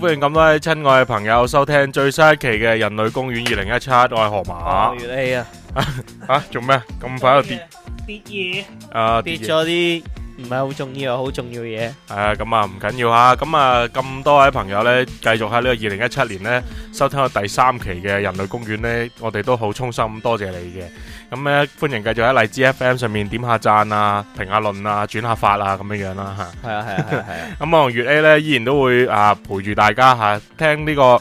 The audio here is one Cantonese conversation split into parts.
歡迎咁多位親愛嘅朋友收聽最新一期嘅《人類公園》二零一七，我係河馬。月氣啊！啊做咩？咁快又跌跌嘢？啊跌咗啲唔係好重要，好重要嘢。係啊，咁啊唔緊要吓，咁啊咁多位朋友咧，繼續喺呢個二零一七年咧，收聽我第三期嘅《人類公園》咧，我哋都好衷心多謝你嘅。咁咧，歡迎繼續喺荔枝 FM 上面點下讚啊、評下論啊、轉下發啊，咁樣樣啦嚇。係啊，係啊，係啊。咁我同月 A 咧，依然都會啊陪住大家嚇聽呢個誒，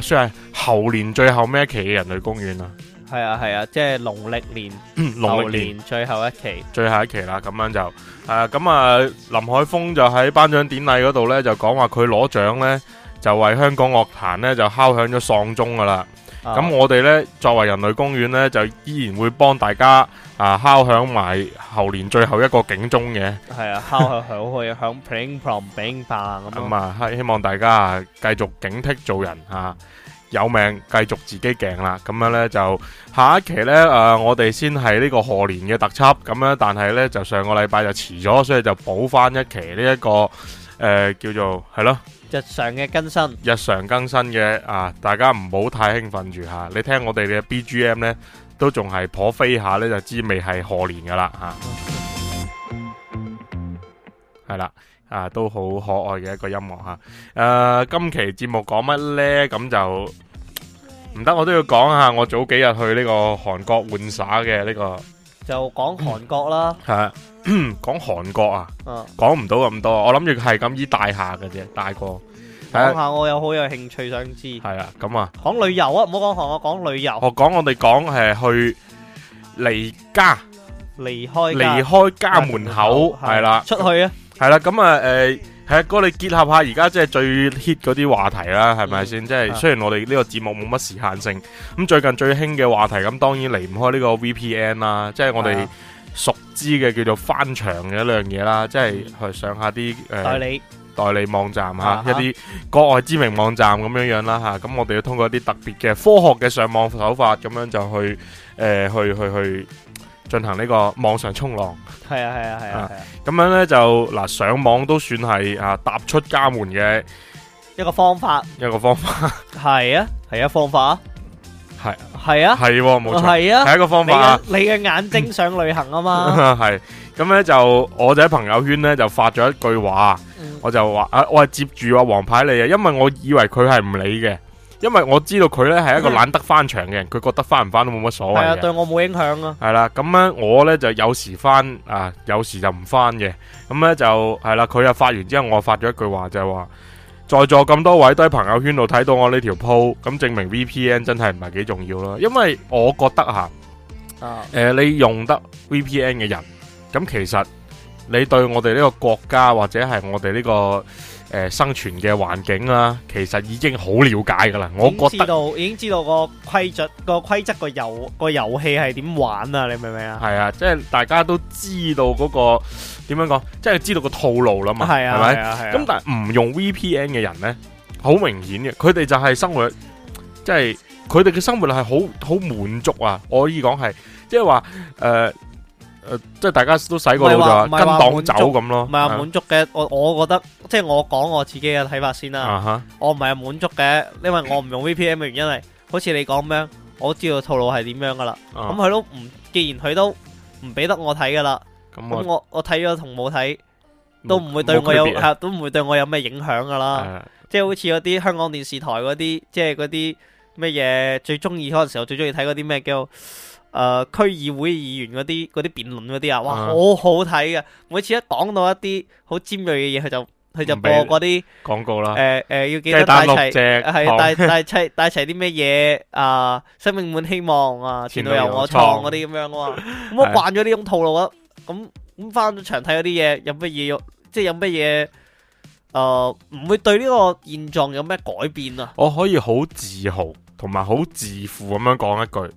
算係猴年最後咩一期嘅人類公園啊。係啊，係啊，即係農曆年，農曆年最後一期，最後一期啦。咁樣就誒，咁啊，林海峰就喺頒獎典禮嗰度咧，就講話佢攞獎咧，就為香港樂壇咧，就敲響咗喪鐘噶啦。咁、啊、我哋咧，作為人類公園咧，就依然會幫大家啊敲響埋猴年最後一個警鐘嘅。係啊， 敲響響響，ping pong，ping pong 咁啊！希望大家啊繼續警惕做人吓、啊，有命繼續自己勁啦。咁樣咧就下一期咧，誒、啊，我哋先係呢個賀年嘅特輯咁樣，但係咧就上個禮拜就遲咗，所以就補翻一期呢、這、一個誒、呃、叫做係咯。日常嘅更新，日常更新嘅啊，大家唔好太興奮住吓，你聽我哋嘅 BGM 咧，都仲係頗飛下咧，就知未係何年噶啦吓，係啦啊，都好可愛嘅一個音樂吓，誒，今期節目講乜咧？咁就唔得，我都要講下我早幾日去呢個韓國玩耍嘅呢個。就講韓國啦，係啊，講 韓國啊，講唔、啊、到咁多，我諗住係咁依大下嘅啫，大過講、啊、下我有好有興趣想知，係啊，咁啊，講旅遊啊，唔好講韓國，講旅遊我講旅遊，我講我哋講誒去離家，離開，離開家門口係啦，出去啊，係啦、啊，咁啊誒。呃係啊，哥，你結合下而家即係最 hit 嗰啲話題啦，係咪先？即係、嗯、雖然我哋呢個節目冇乜時限性，咁最近最興嘅話題，咁當然離唔開呢個 VPN 啦，即係我哋熟知嘅叫做翻牆嘅一樣嘢啦，即係去上下啲誒代理代理網站吓，啊、哈一啲國外知名網站咁樣樣啦吓，咁我哋要通過一啲特別嘅科學嘅上網手法，咁樣就去誒去去去。去去去進行呢個網上衝浪，係啊係啊係啊，咁樣呢，就嗱上網都算係啊踏出家門嘅一個方法，一個方法，係啊係啊方法，係係啊係冇錯，係啊係一個方法，你嘅眼睛想旅行啊嘛，係咁呢，就我就喺朋友圈呢，就發咗一句話，我就話啊我係接住啊黃牌你啊，因為我以為佢係唔理嘅。因為我知道佢咧係一個懶得翻牆嘅人，佢覺得翻唔翻都冇乜所謂。係啊，對我冇影響啊。係啦，咁咧我咧就有時翻啊，有時就唔翻嘅。咁咧就係啦，佢又發完之後，我發咗一句話就係、是、話，在座咁多位都喺朋友圈度睇到我呢條鋪，咁證明 VPN 真係唔係幾重要咯。因為我覺得吓啊，誒、呃，你用得 VPN 嘅人，咁其實你對我哋呢個國家或者係我哋呢、這個。誒、呃，生存嘅環境啦、啊，其實已經好了解噶啦，我覺得已經知道已經知道個規則、那個規則個遊個遊戲係點玩啊，你明唔明啊？係啊，即係大家都知道嗰、那個點樣講，即係知道個套路啦嘛，係啊，係咪吧？咁、啊啊、但係唔用 VPN 嘅人咧，好明顯嘅，佢哋就係生活，即係佢哋嘅生活係好好滿足啊，我可以講係，即係話誒。呃呃、即係大家都洗過腦，跟黨走咁咯。唔係話滿足嘅是、啊，我我覺得，即係我講我自己嘅睇法先啦。啊、哈 我唔係滿足嘅，因為我唔用 VPN 嘅原因係，好似你講咁樣，我知道套路係點樣噶啦。咁佢、啊、都唔，既然佢都唔俾得我睇噶啦，咁、啊、我我睇咗同冇睇，都唔會對我有、啊啊、都唔會對我有咩影響噶啦。即係是、啊、好似嗰啲香港電視台嗰啲，即係嗰啲咩嘢最中意，嗰陣時候最中意睇嗰啲咩叫？誒，區、呃、議會議員嗰啲嗰啲辯論嗰啲啊，哇，uh huh. 好好睇嘅。每次一講到一啲好尖銳嘅嘢，佢就佢就播嗰啲廣告啦。誒誒、呃呃，要記得帶齊係帶帶齊帶齊啲咩嘢啊？生命滿希望啊，前路 由我創嗰啲咁樣啊咁、 嗯、我慣咗呢種套路啊，咁咁翻咗場睇嗰啲嘢，有乜嘢要？即、就、係、是、有乜嘢？誒、呃，唔會對呢個現狀有咩改變啊？我可以好自豪同埋好自負咁樣講一句。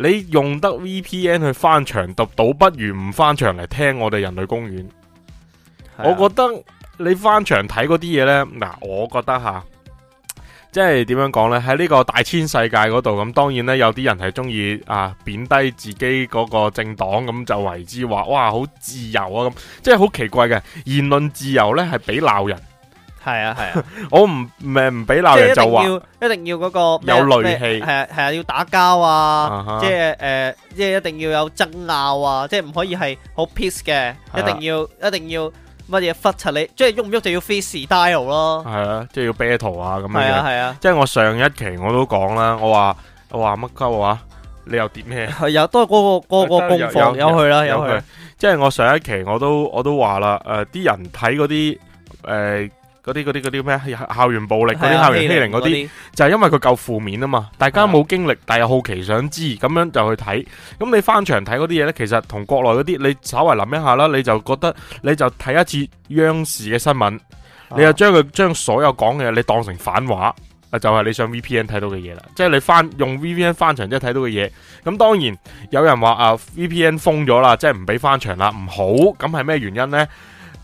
你用得 VPN 去翻牆讀，倒不如唔翻牆嚟聽我哋人類公園。啊、我覺得你翻牆睇嗰啲嘢呢，嗱、啊，我覺得吓、啊，即係點樣講呢？喺呢個大千世界嗰度，咁當然呢，有啲人係中意啊貶低自己嗰個政黨，咁就為之話哇好自由啊咁，即係好奇怪嘅言論自由呢，係俾鬧人。係啊，係啊， 我唔唔唔俾鬧人就話一定要嗰說個有戾淚氣、啊，係啊係啊，要打交啊，即係誒，即、呃、係、就是、一定要有爭拗啊，即係唔可以係好 peace 嘅是、啊，一定要一定要乜嘢複你，即係喐唔喐就要 free style 咯，係啊，即、就、係、是、要 battle 啊，咁樣係啊係啊，即係、啊、我上一期我都講啦，我話我話乜鳩話，你又點咩係又都係嗰、那個、那個功放、呃、有去啦有去，即係我上一期我都我都話啦誒，啲、呃、人睇嗰啲誒。呃嗰啲嗰啲啲咩校校園暴力嗰啲校園欺凌嗰啲，就係因為佢夠負面啊嘛，大家冇經歷，但又好奇想知，咁樣就去睇。咁你翻牆睇嗰啲嘢呢，其實同國內嗰啲，你稍微諗一下啦，你就覺得你就睇一次央視嘅新聞，你就將佢將所有講嘅你當成反話，就係你上 VPN 睇到嘅嘢啦。即係你翻用 VPN 翻牆即係睇到嘅嘢。咁當然有人話啊 VPN 封咗啦，即係唔俾翻牆啦，唔好。咁係咩原因呢？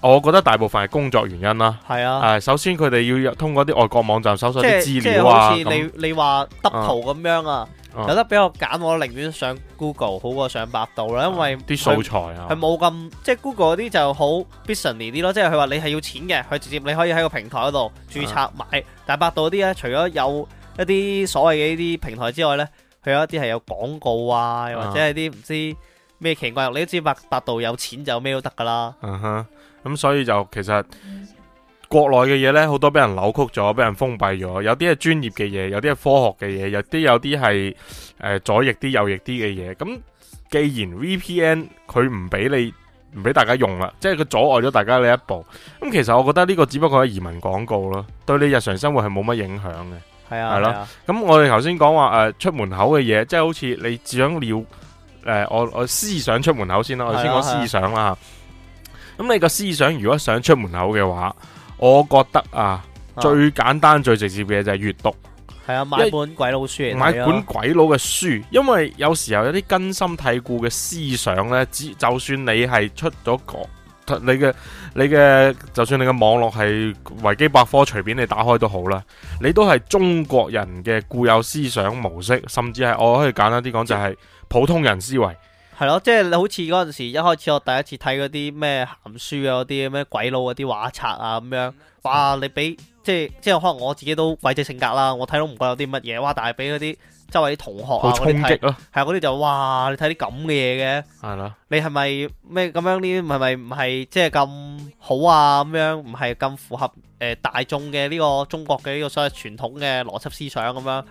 我覺得大部分係工作原因啦。係啊，係首先佢哋要通過啲外國網站搜索啲是資料、啊、好似你樣你話得圖咁樣啊，有、嗯、得比較揀，我寧願上 Google 好過上百度啦，嗯、因為啲素材啊，佢冇咁即係 Google 嗰啲就好 business 啲咯，即係佢話你係要錢嘅，佢直接你可以喺個平台嗰度註冊買。嗯、但係百度嗰啲咧，除咗有一啲所謂嘅呢啲平台之外咧，佢有一啲係有廣告啊，又或者係啲唔知咩奇怪。你都知百百度有錢就咩都得噶啦。哼、嗯。嗯。咁、嗯、所以就其實國內嘅嘢呢，好多俾人扭曲咗，俾人封閉咗。有啲係專業嘅嘢，有啲係科學嘅嘢，有啲有啲係誒左翼啲、右翼啲嘅嘢。咁、嗯、既然 VPN 佢唔俾你唔俾大家用啦，即係佢阻礙咗大家呢一步。咁、嗯、其實我覺得呢個只不過係移民廣告咯，對你日常生活係冇乜影響嘅。係啊，是啊，係咯。咁我哋頭先講話誒出門口嘅嘢，即係好似你只想了誒、呃，我我思想出門口先啦，是啊是啊我先講思想啦。是啊咁你個思想如果想出門口嘅話，我覺得啊，最簡單最直接嘅就係閱讀。係啊，為買本鬼佬書。買本鬼佬嘅書，啊、因為有時候有啲根深蒂固嘅思想呢，只就算你係出咗國，你嘅你嘅，就算你嘅網絡係維基百科，隨便你打開都好啦，你都係中國人嘅固有思想模式，甚至係我可以簡單啲講，就係、是、普通人思維。係咯，即係你好似嗰陣時一開始我第一次睇嗰啲咩鹹書啊，嗰啲咩鬼佬嗰啲畫冊啊咁樣，哇！你俾即係即係可能我自己都鬼仔性格啦，我睇到唔覺有啲乜嘢，哇！但係俾嗰啲周圍啲同學啊衝擊，係啊，嗰啲就哇！beaucoup h urs 你睇啲咁嘅嘢嘅，係啦，你係咪咩咁樣呢？係咪？唔係即係咁好啊咁樣，唔係咁符合。誒，大眾嘅呢個中國嘅呢個所謂傳統嘅邏輯思想咁樣，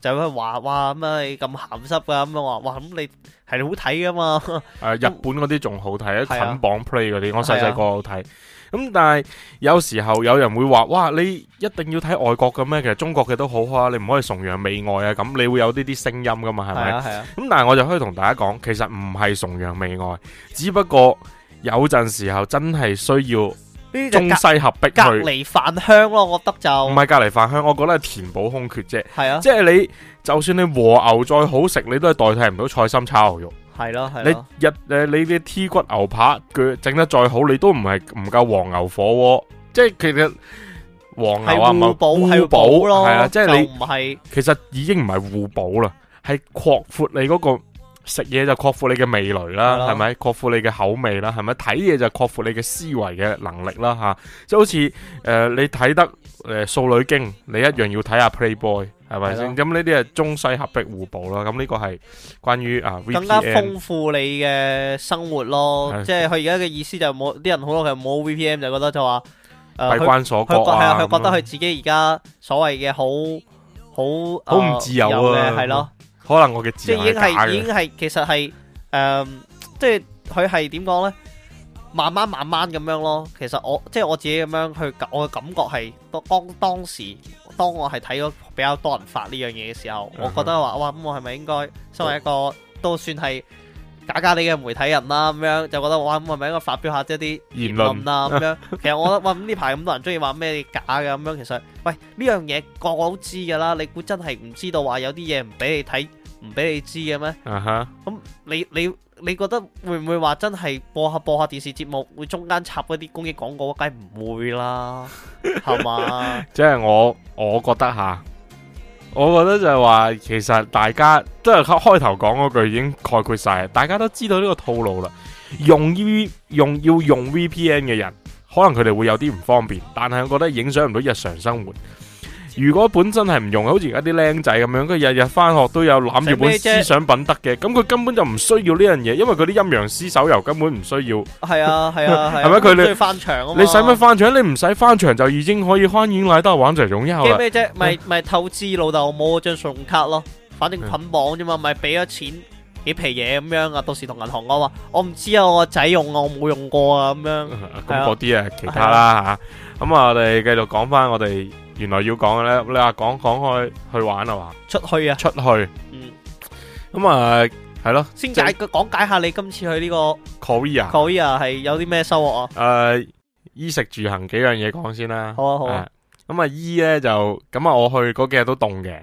就咁樣話哇，咁啊你咁咸濕噶，咁樣話哇，咁你係好睇噶嘛？誒，日本嗰啲仲好睇啊，捆綁 play 嗰啲，我細細個好睇。咁但係有時候有人會話哇，你一定要睇外國嘅咩？其實中國嘅都好啊，你唔可以崇洋媚外啊。咁你會有呢啲聲音噶嘛？係咪啊？係啊。咁但係我就可以同大家講，其實唔係崇洋媚外，只不過有陣時候真係需要。中西合璧，隔籬飯香咯，我覺得就唔係隔籬飯香，我覺得係填補空缺啫。係啊，即係你就算你和牛再好食，你都係代替唔到菜心炒牛肉。係咯，啊，係、啊、你日誒，你啲剔骨牛扒佢整得再好，你都唔係唔夠黃牛火鍋喔。即係其實黃牛啊，互補係互補咯。係啊，即係你唔係，其實已經唔係互補啦，係擴闊你嗰、那個。食嘢就擴闊你嘅味蕾啦，係咪？擴闊你嘅口味啦，係咪？睇嘢就擴闊你嘅思維嘅能力啦，吓！即係好似誒，你睇得誒《素女經》，你一樣要睇下《Playboy》，係咪先？咁呢啲係中西合璧互補啦。咁呢個係關於啊更加豐富你嘅生活咯。即係佢而家嘅意思就冇啲人好多佢冇 VPM 就覺得就話閉關鎖國啊。係啊，佢覺得佢自己而家所謂嘅好好好唔自由啊，係咯。可能我嘅即係已經係，的已經係，其實係，誒、呃，即係佢係點講咧？慢慢慢慢咁樣咯。其實我即係我自己咁樣去我嘅感覺係當當時當我係睇咗比較多人發呢樣嘢嘅時候， 我覺得話哇，咁我係咪應該身為一個 都算係假假哋嘅媒體人啦，啊？咁樣就覺得哇，咁係咪應該發表一下即一啲言論啦，啊？咁樣其實我覺得話咁呢排咁多人中意話咩假嘅咁樣，其實，其實喂呢樣嘢個個都知噶啦，你估真係唔知道話有啲嘢唔俾你睇？唔俾你知嘅咩？咁、uh huh. 你你你覺得會唔會話真係播下播下電視節目會中間插嗰啲公益廣告？梗係唔會啦，係嘛 吧？ 即係我我覺得吓，我覺得就係話，其實大家都係開開頭講嗰句已經概括晒，大家都知道呢個套路啦。用 V 用，用要用 VPN 嘅人，可能佢哋會有啲唔方便，但係我覺得影響唔到日常生活。如果本身係唔用，好似而家啲僆仔咁樣，佢日日翻學都有攬住本思想品德嘅，咁佢根本就唔需要呢樣嘢，因為佢啲陰陽師手遊根本唔需要。係啊，係啊，係咪佢你翻牆啊嘛？你使乜翻牆？你唔使翻牆就已經可以開遠賴得玩就用。易啦。借咩啫？咪咪透支老豆冇嗰張信用卡咯，反正捆綁啫嘛，咪俾咗錢幾皮嘢咁樣啊？到時同銀行講話，我唔知啊，我個仔用啊，我冇用過啊咁樣。咁嗰啲啊，其他啦吓。咁啊，我哋繼續講翻我哋。原來要講嘅咧，你話講講開去玩啊嘛？出去啊！出去。嗯。咁啊，係咯。先解個講解下你今次去呢個 Korea，Korea 係有啲咩收穫啊？誒，衣食住行幾樣嘢講先啦。好啊好啊。咁啊，衣咧就咁啊，我去嗰幾日都凍嘅。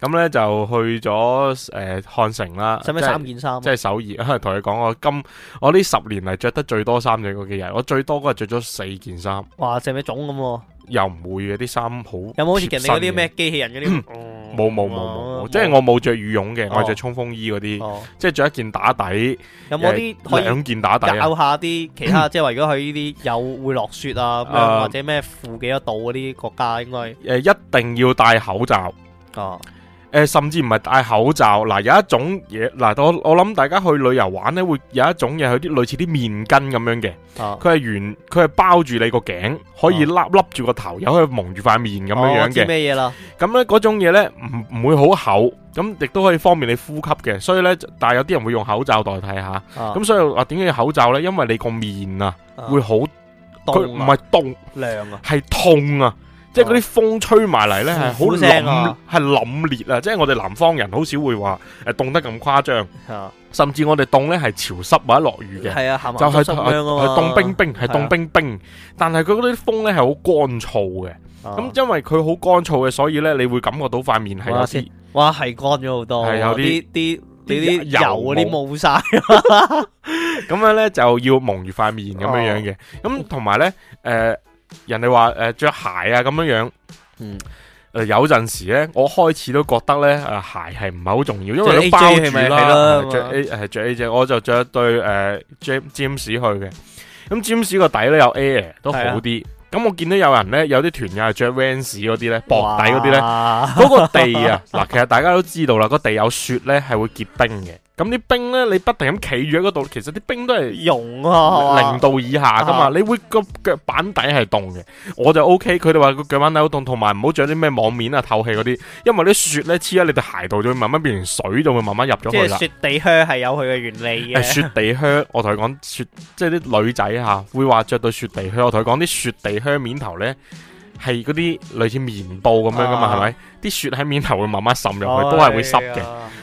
咁咧就去咗誒漢城啦。使咩三件衫？即係首爾。同佢講我今我呢十年嚟著得最多衫嘅嗰幾日，我最多嗰日著咗四件衫。哇！成咩腫咁？又唔會嘅啲衫好，有冇好似人哋嗰啲咩機器人嗰啲？冇冇冇冇，即係我冇着羽絨嘅，我係著衝鋒衣嗰啲，即係着一件打底。有冇啲可以兩件打底啊？有下啲其他，即係話如果佢呢啲有會落雪啊，或者咩負幾多度嗰啲國家應該？誒，一定要戴口罩。哦。誒，甚至唔係戴口罩，嗱有一種嘢，嗱我我諗大家去旅遊玩咧，會有一種嘢，有啲類似啲面巾咁樣嘅，佢係圓，佢係包住你個頸，可以笠笠住個頭，又、啊、可以蒙住塊面咁樣樣嘅。哦，知咩嘢啦？咁咧嗰種嘢咧，唔唔會好厚，咁亦都可以方便你呼吸嘅。所以咧，但係有啲人會用口罩代替下。咁、啊、所以話點解要口罩咧？因為你個面啊，啊會好，佢唔係凍涼啊，係痛啊。即係嗰啲風吹埋嚟咧，係好冷，係凜冽啊！即係我哋南方人好少會話誒凍得咁誇張，甚至我哋凍咧係潮濕或者落雨嘅，係啊，就係凍冰冰，係凍冰冰。但係佢嗰啲風咧係好乾燥嘅，咁因為佢好乾燥嘅，所以咧你會感覺到塊面係有啲，哇，係乾咗好多，係有啲啲啲油嗰啲冇晒，咁樣咧就要矇住塊面咁樣樣嘅。咁同埋咧，誒。人哋話誒着鞋啊咁樣樣，嗯誒、呃、有陣時咧，我開始都覺得咧啊、呃、鞋係唔係好重要，因為包住啦，着不 A 係着 A J，我就着對誒 James James 去嘅，咁 James 個底咧有 Air 都好啲，咁是、啊嗯、我見到有人咧有啲團友係着 Vans 嗰啲咧薄底嗰啲咧，嗰哇 個地啊嗱， 其實大家都知道啦，個地有雪咧係會結冰嘅。咁啲冰咧，你不停咁企住喺嗰度，其實啲冰都係溶啊，零度以下噶嘛，啊、你會個腳板底係凍嘅，啊、我就 O、OK, K。佢哋話個腳板底好凍，同埋唔好着啲咩網面啊，透氣嗰啲，因為啲雪咧黐喺你哋鞋度，就會慢慢變成水，就會慢慢入咗去啦、欸。即係雪地靴係有佢嘅原理嘅。雪地靴，我同佢講雪，即係啲女仔吓會話着對雪地靴，我同佢講啲雪地靴面頭咧係嗰啲類似棉布咁樣噶嘛，係咪、啊？啲雪喺面頭會慢慢滲入去，啊、都係會濕嘅。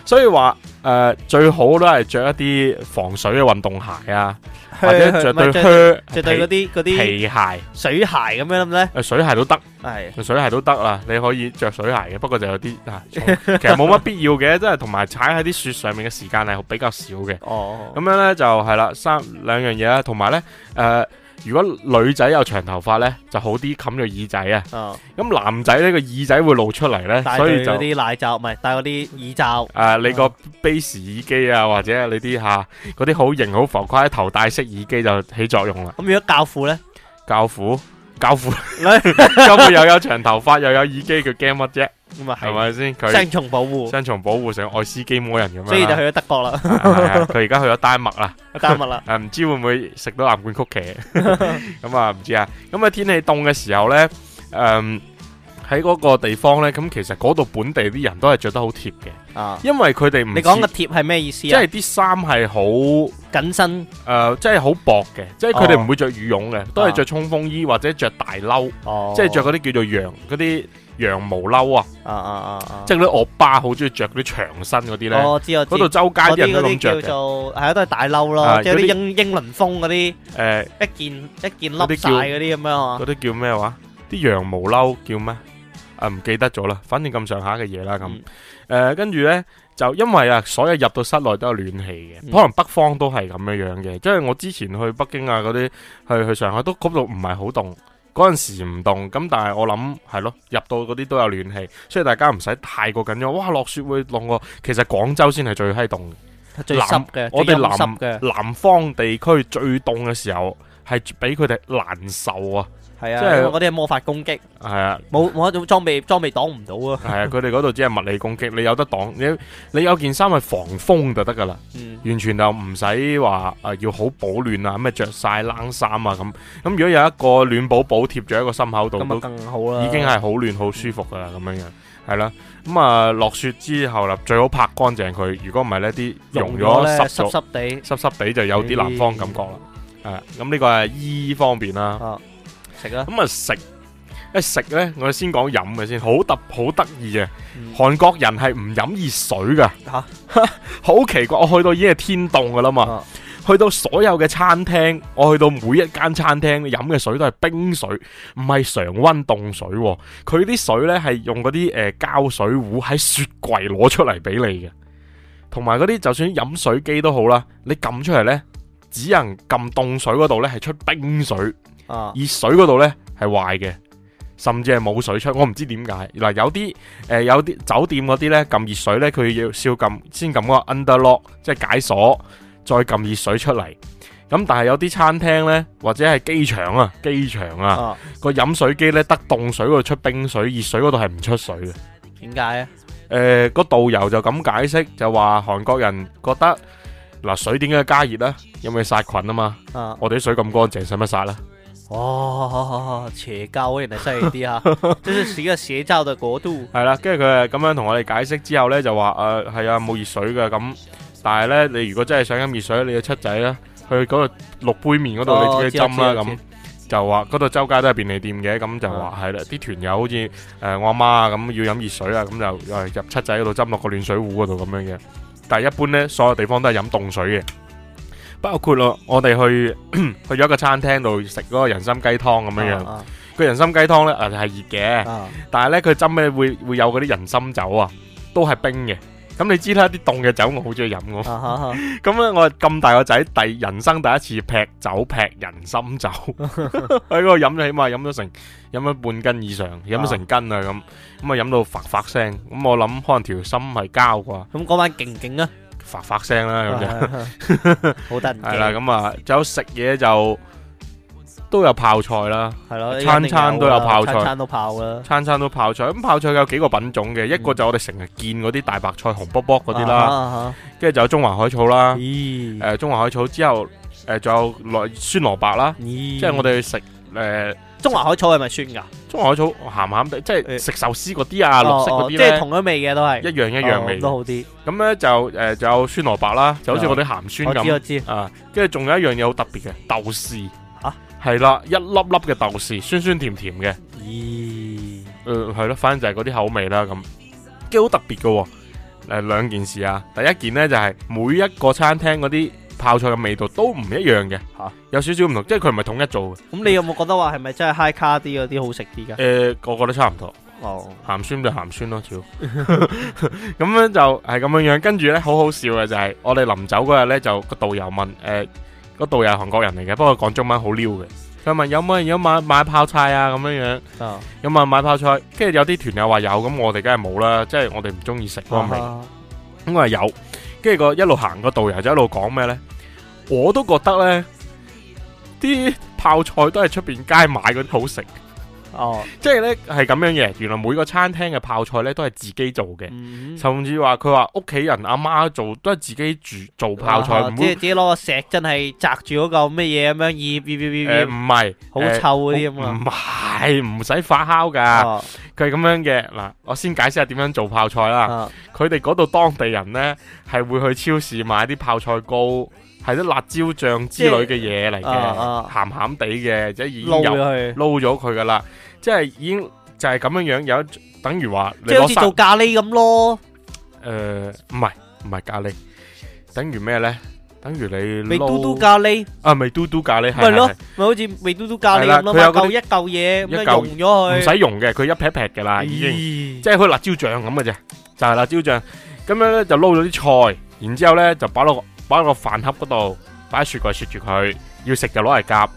所以話誒、呃、最好都係着一啲防水嘅運動鞋啊，去去或者着對靴，着對嗰啲嗰啲皮鞋、水鞋咁樣咧。誒，水鞋都得，係，水鞋都得啦。你可以着水鞋嘅，不過就有啲吓、啊，其實冇乜必要嘅，即係同埋踩喺啲雪上面嘅時間係比較少嘅。哦，咁樣咧就係啦，三兩樣嘢啦，同埋咧誒。呃如果女仔有長頭髮呢，就好啲冚咗耳仔啊！咁、哦、男仔呢個耳仔會露出嚟，呢，所以就戴啲奶罩，唔係戴嗰啲耳罩。誒，你個 base 耳機啊，或者你啲吓嗰啲好型好浮誇頭戴式耳機就起作用啦。咁、嗯、如果教父呢？教父？交付，交付又有長頭髮又有耳機，佢驚乜啫？咁啊係，係咪先？佢雙重保護，雙重保護，想愛斯基摩人咁樣。所以就去咗德國啦，佢而家去咗丹麥啦，丹麥啦。誒，唔知會唔會食到藍罐曲奇？咁啊，唔知啊。咁啊，天氣凍嘅時候咧，誒。喺嗰個地方咧，咁其實嗰度本地啲人都係着得好貼嘅，啊，因為佢哋唔你講嘅貼係咩意思啊？即係啲衫係好緊身，誒，即係好薄嘅，即係佢哋唔會着羽絨嘅，都係着衝鋒衣或者着大褸，即係着嗰啲叫做羊啲羊毛褸啊，即係嗰啲歐巴好中意着嗰啲長身嗰啲咧，我知道，嗰度周街人都咁著做，係啊，都係大褸咯，即係啲英英倫風嗰啲誒一件一件甩曬嗰啲咁樣啊，嗰啲叫咩話？啲羊毛褸叫咩？啊，唔記得咗啦，反正咁上下嘅嘢啦咁。誒、嗯，跟住、啊、呢，就因為啊，所有入到室內都有暖氣嘅，嗯、可能北方都係咁樣樣嘅。即、就、係、是、我之前去北京啊嗰啲，去去上海都焗到唔係好凍。嗰陣時唔凍，咁但係我諗係咯，入到嗰啲都有暖氣，所以大家唔使太過緊張。哇，落雪會凍喎、啊，其實廣州先係最閪凍，嘅，南我哋南南方地區最凍嘅時候係比佢哋難受啊！係啊，即係嗰啲魔法攻擊。係啊，冇冇一種裝備裝備擋唔到啊。係啊，佢哋嗰度只係物理攻擊，你有得擋。你你有件衫係防風就得噶啦，完全就唔使話誒要好保暖啊，咩着晒冷衫啊咁。咁如果有一個暖寶寶貼喺個心口度，咁就更好啦。已經係好暖好舒服噶啦，咁樣樣係啦。咁啊落雪之後啦，最好拍乾淨佢。如果唔係呢啲融咗濕濕地，濕濕地就有啲南方感覺啦。誒，咁呢個係衣方面啦。食啦，咁啊食，誒食呢，我哋先講飲嘅先，好特好得意嘅，嗯、韓國人係唔飲熱水噶，吓、啊，好 奇怪，我去到已經係天凍噶啦嘛，啊、去到所有嘅餐廳，我去到每一間餐廳飲嘅水都係冰水，唔係常溫凍水，哦，佢啲水呢係用嗰啲誒膠水壺喺雪櫃攞出嚟俾你嘅，同埋嗰啲就算飲水機都好啦，你撳出嚟呢，只能撳凍水嗰度呢係出冰水。啊！熱水嗰度呢係壞嘅，甚至係冇水出。我唔知點解嗱，有啲誒有啲酒店嗰啲呢，撳熱水呢，佢要先撳先撳嗰個 under lock，即係解鎖，再撳熱水出嚟。咁但係有啲餐廳呢，或者係機場啊、機場啊，啊個飲水機呢，得凍水嗰度出冰水，熱水嗰度係唔出水嘅。點解啊？誒、呃嗰個導遊就咁解釋就話，韓國人覺得嗱、呃、水點解要加熱呢？因為殺菌啊嘛。啊我哋啲水咁乾淨，使乜殺呢？」哦，邪教人係犀利啲啊，即係是一個邪教嘅國度。係啦，跟住佢係咁樣同我哋解釋之後咧，就話誒係啊冇熱水噶，咁但係咧，你如果真係想飲熱水咧，你要七仔啦，去嗰度六杯麵嗰度你自己斟啦咁。就話嗰度周街都係便利店嘅，咁就話係啦。啲團友好似誒我阿媽啊咁要飲熱水啊，咁就誒入七仔嗰度斟落個暖水壺嗰度咁樣嘅。但係一般咧，所有地方都係飲凍水嘅。包括咯，我哋去去咗一個餐廳度食嗰個人參雞湯咁樣樣，個人參雞湯咧啊係熱嘅，但係咧佢斟咩會會有嗰啲人參酒啊，都係冰嘅。咁你知啦，啲凍嘅酒我好中意飲嘅。咁咧我咁大個仔第人生第一次劈酒劈人參酒，喺嗰度飲起碼飲咗成飲咗半斤以上，飲咗成斤啊咁，咁啊飲到發發聲。咁我諗可能條心係膠啩。咁講翻勁勁啊。發發聲啦咁噦就，好得意。係啦，咁啊，仲有食嘢就都有泡菜啦，係咯，餐餐都有泡菜，餐餐都泡啦，餐餐都泡菜。咁、啊、泡，泡菜有幾個品種嘅，一個就我哋成日見嗰啲大白菜紅卜卜嗰啲啦，跟住就有中華海草啦，誒中華海草之後，誒仲有羅酸蘿蔔啦，即係我哋食誒。啊中華海草係咪酸噶？中華海草鹹鹹地，即係食壽司嗰啲啊，綠色嗰啲咧，即係同一味嘅都係一樣一樣味，都好啲。咁咧就誒，就有酸蘿蔔啦，就好似嗰啲鹹酸咁啊。跟住仲有一樣嘢好特別嘅，豆豉啊，係啦，一粒粒嘅豆豉，酸酸甜甜嘅。咦，嗯，係咯，反正就係嗰啲口味啦咁，幾好特別嘅。誒，兩件事啊，第一件呢就係每一個餐廳嗰啲。泡菜嘅味道都唔一樣嘅，哈有少少唔同，即係佢唔係統一做嘅。咁、嗯嗯、你有冇覺得話係咪真係 high 卡啲嗰啲好食啲嘅？誒、呃，個個都差唔多。哦，鹹酸就鹹酸咯，主要。咁樣 就係咁樣樣，跟住咧好好笑嘅就係、是，我哋臨走嗰日咧就個導遊問，誒、呃，個導遊係韓國人嚟嘅，不過講中文好溜嘅。佢問有冇人有，有買買泡菜啊？咁樣樣。哦、有冇買泡菜，跟住有啲團友話有，咁我哋梗係冇啦，即係我哋唔中意食嗰味。應該係有。就是跟住個一路行個導遊就一路講咩呢？我都覺得呢，啲泡菜都係出邊街買嗰啲好食。哦呢，即係咧係咁樣嘅，原來每個餐廳嘅泡菜咧都係自己做嘅，嗯、甚至話佢話屋企人阿媽做都係自己煮做泡菜，哦、會即係自己攞個石真係砸住嗰嚿咩嘢咁樣醃醃醃醃，唔係好臭嗰啲啊嘛，唔係唔使發酵噶，佢係咁樣嘅嗱，我先解釋下點樣做泡菜啦，佢哋嗰度當地人咧係會去超市買啲泡菜糕。係啲辣椒醬之類嘅嘢嚟嘅，鹹鹹地嘅，即係已經撈咗佢噶啦，即係已經就係咁樣樣，有等於話你即係好似做咖喱咁咯。誒，唔係唔係咖喱，等於咩咧？等於你撈未嘟嘟咖喱啊，未嘟嘟咖喱係咪咯，咪好似未嘟嘟咖喱。佢有嚿一嚿嘢，融咗佢，唔使融嘅，佢一劈一劈噶啦，已經即係好似辣椒醬咁嘅啫，就係辣椒醬咁樣咧，就撈咗啲菜，然之後咧就擺落個。擺喺個飯盒嗰度，擺雪櫃雪住佢，要食就攞嚟夾。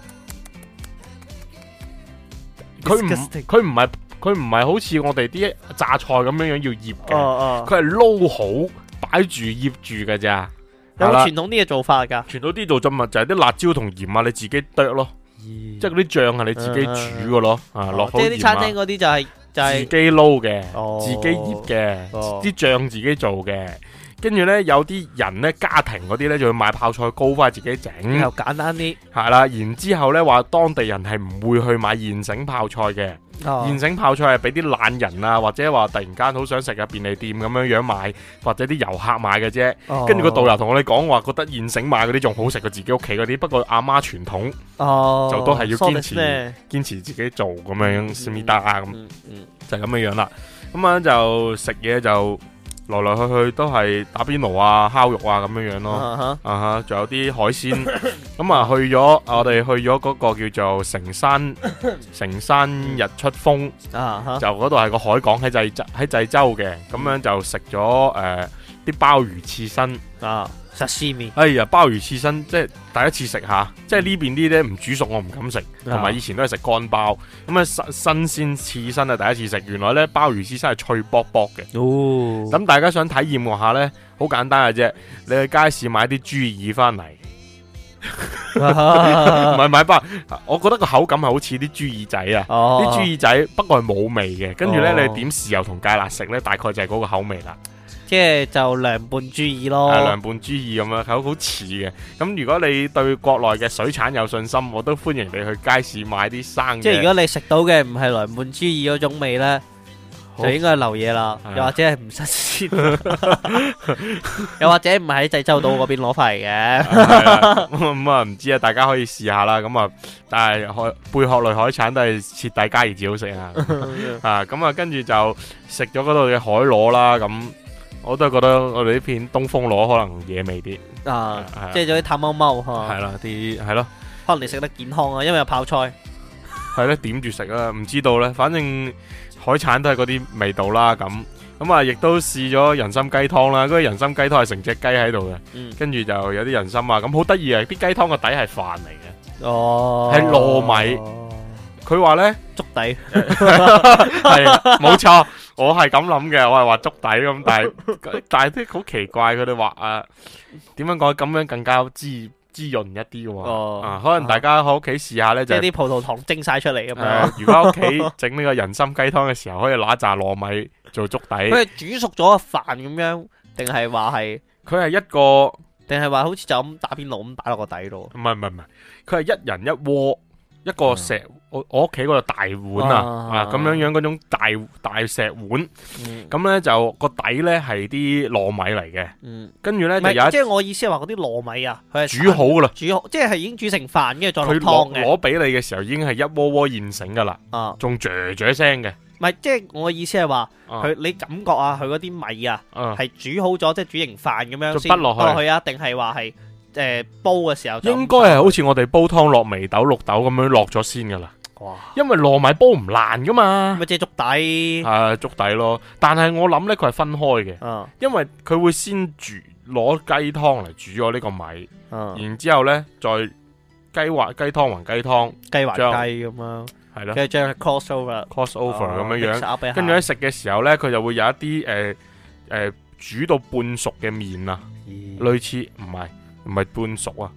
佢唔佢唔係佢唔係好似我哋啲榨菜咁樣樣要醃嘅，佢係撈好擺住醃住嘅咋。著著有冇傳統啲嘅做法噶？傳統啲做浸物就係啲辣椒同鹽啊，你自己剁咯，Yeah. 即係嗰啲醬係你自己煮嘅咯，uh, uh. 啊落好鹽啊、uh, 即係啲餐廳嗰啲就係、是、就係、是、自己撈嘅、oh.，自己醃嘅，啲醬自己做嘅。跟住呢，有啲人呢，家庭嗰啲呢，就會買泡菜糕翻自己整，又簡單啲。係啦，然之後呢，話當地人係唔會去買現成泡菜嘅，現成泡菜係俾啲懶人啊，或者話突然間好想食啊，便利店咁樣樣買，或者啲遊客買嘅啫。跟住個導遊同我哋講話，覺得現成買嗰啲仲好食過自己屋企嗰啲，不過阿媽傳統，就都係要堅持堅持自己做咁樣先得啊，咁就咁樣樣啦。咁樣，就食嘢就。來來去去都係打邊爐啊、烤肉啊咁樣樣咯，啊仲、uh huh. uh huh，有啲海鮮，咁啊 去咗我哋去咗嗰個叫做城山 城山日出峰，uh huh。就嗰度係個海港喺濟州喺濟州嘅，咁樣就食咗誒啲鮑魚刺身啊。Uh huh. 壽哎呀鮑魚刺身即係第一次食吓，即係呢邊啲咧唔煮熟我唔敢食，同埋、啊、以前都係食乾鮑，咁啊新新鮮刺身啊第一次食，原來咧鮑魚刺身係脆卜卜嘅，哦，咁大家想體驗下咧，好簡單嘅啫，你去街市買啲豬耳翻嚟，唔係、啊、 買鮑，我覺得個口感係好似啲豬耳仔啊，啲豬、哦、耳仔不過係冇味嘅，跟住咧你點豉油同芥辣食咧，大概就係嗰個口味啦。即係就涼拌豬耳咯，涼拌豬耳咁樣，好好似嘅。咁如果你對國內嘅水產有信心，我都歡迎你去街市買啲生。即係如果你食到嘅唔係涼拌豬耳嗰種味咧，就應該係流嘢啦，又或者係唔新鮮，又或者唔係喺濟州島嗰邊攞翻嚟嘅。咁啊唔知啊，大家可以試下啦。咁啊，但係海貝殼類海產都係徹底加熱至好食啊。啊，咁啊，跟住就食咗嗰度嘅海螺啦，咁。我都係覺得我哋呢片東風螺可能野味啲啊，即係有啲淡貓貓吓。係啦，啲係咯，可能你食得健康啊，因為有泡菜。係咧，點住食啊？唔知道咧，反正海產都係嗰啲味道啦。咁咁啊，亦都試咗人參雞湯啦。嗰人參雞湯係成隻雞喺度嘅，跟住就有啲人參啊。咁好得意啊！啲雞湯個底係飯嚟嘅，哦，係糯米。佢話咧粥底，係，冇錯。我係咁諗嘅，我係話粥底咁，但係 但係啲好奇怪，佢哋話啊，點樣講咁樣更加滋滋潤一啲嘅，哦，啊，可能大家喺屋企試下咧，就是，就係啲葡萄糖蒸晒出嚟咁樣，啊。如果喺屋企整呢個人參雞湯嘅時候，可以拿一紮糯米做粥底。佢係煮熟咗個飯咁樣，定係話係？佢係一個，定係話好似就咁打邊爐咁打落個底度？唔係唔係唔係，佢係一人一鍋，一個石。嗯我我屋企嗰個大碗啊，啊咁樣樣嗰種大大石碗，咁咧就個底咧係啲糯米嚟嘅，跟住咧即係我意思係話嗰啲糯米啊，煮好噶啦，煮好即係已經煮成飯嘅再落湯我攞俾你嘅時候已經係一窩窩現成噶啦，啊，仲嚼嚼聲嘅。唔係，即係我意思係話佢你感覺啊，佢嗰啲米啊係煮好咗，即係煮成飯咁樣先落落去啊？定係話係誒煲嘅時候應該係好似我哋煲湯落眉豆綠豆咁樣落咗先噶啦。因為糯米煲唔爛噶嘛，咪即係粥底啊粥底咯。但係我諗咧，佢係分開嘅，因為佢會先煮攞雞湯嚟煮咗呢個米，然之後咧再雞滑雞湯還雞湯，雞滑雞咁樣係咯，即係將佢 cross over cross over 咁樣樣。跟住喺食嘅時候咧，佢就會有一啲誒誒煮到半熟嘅麵啊，類似唔係唔係半熟啊。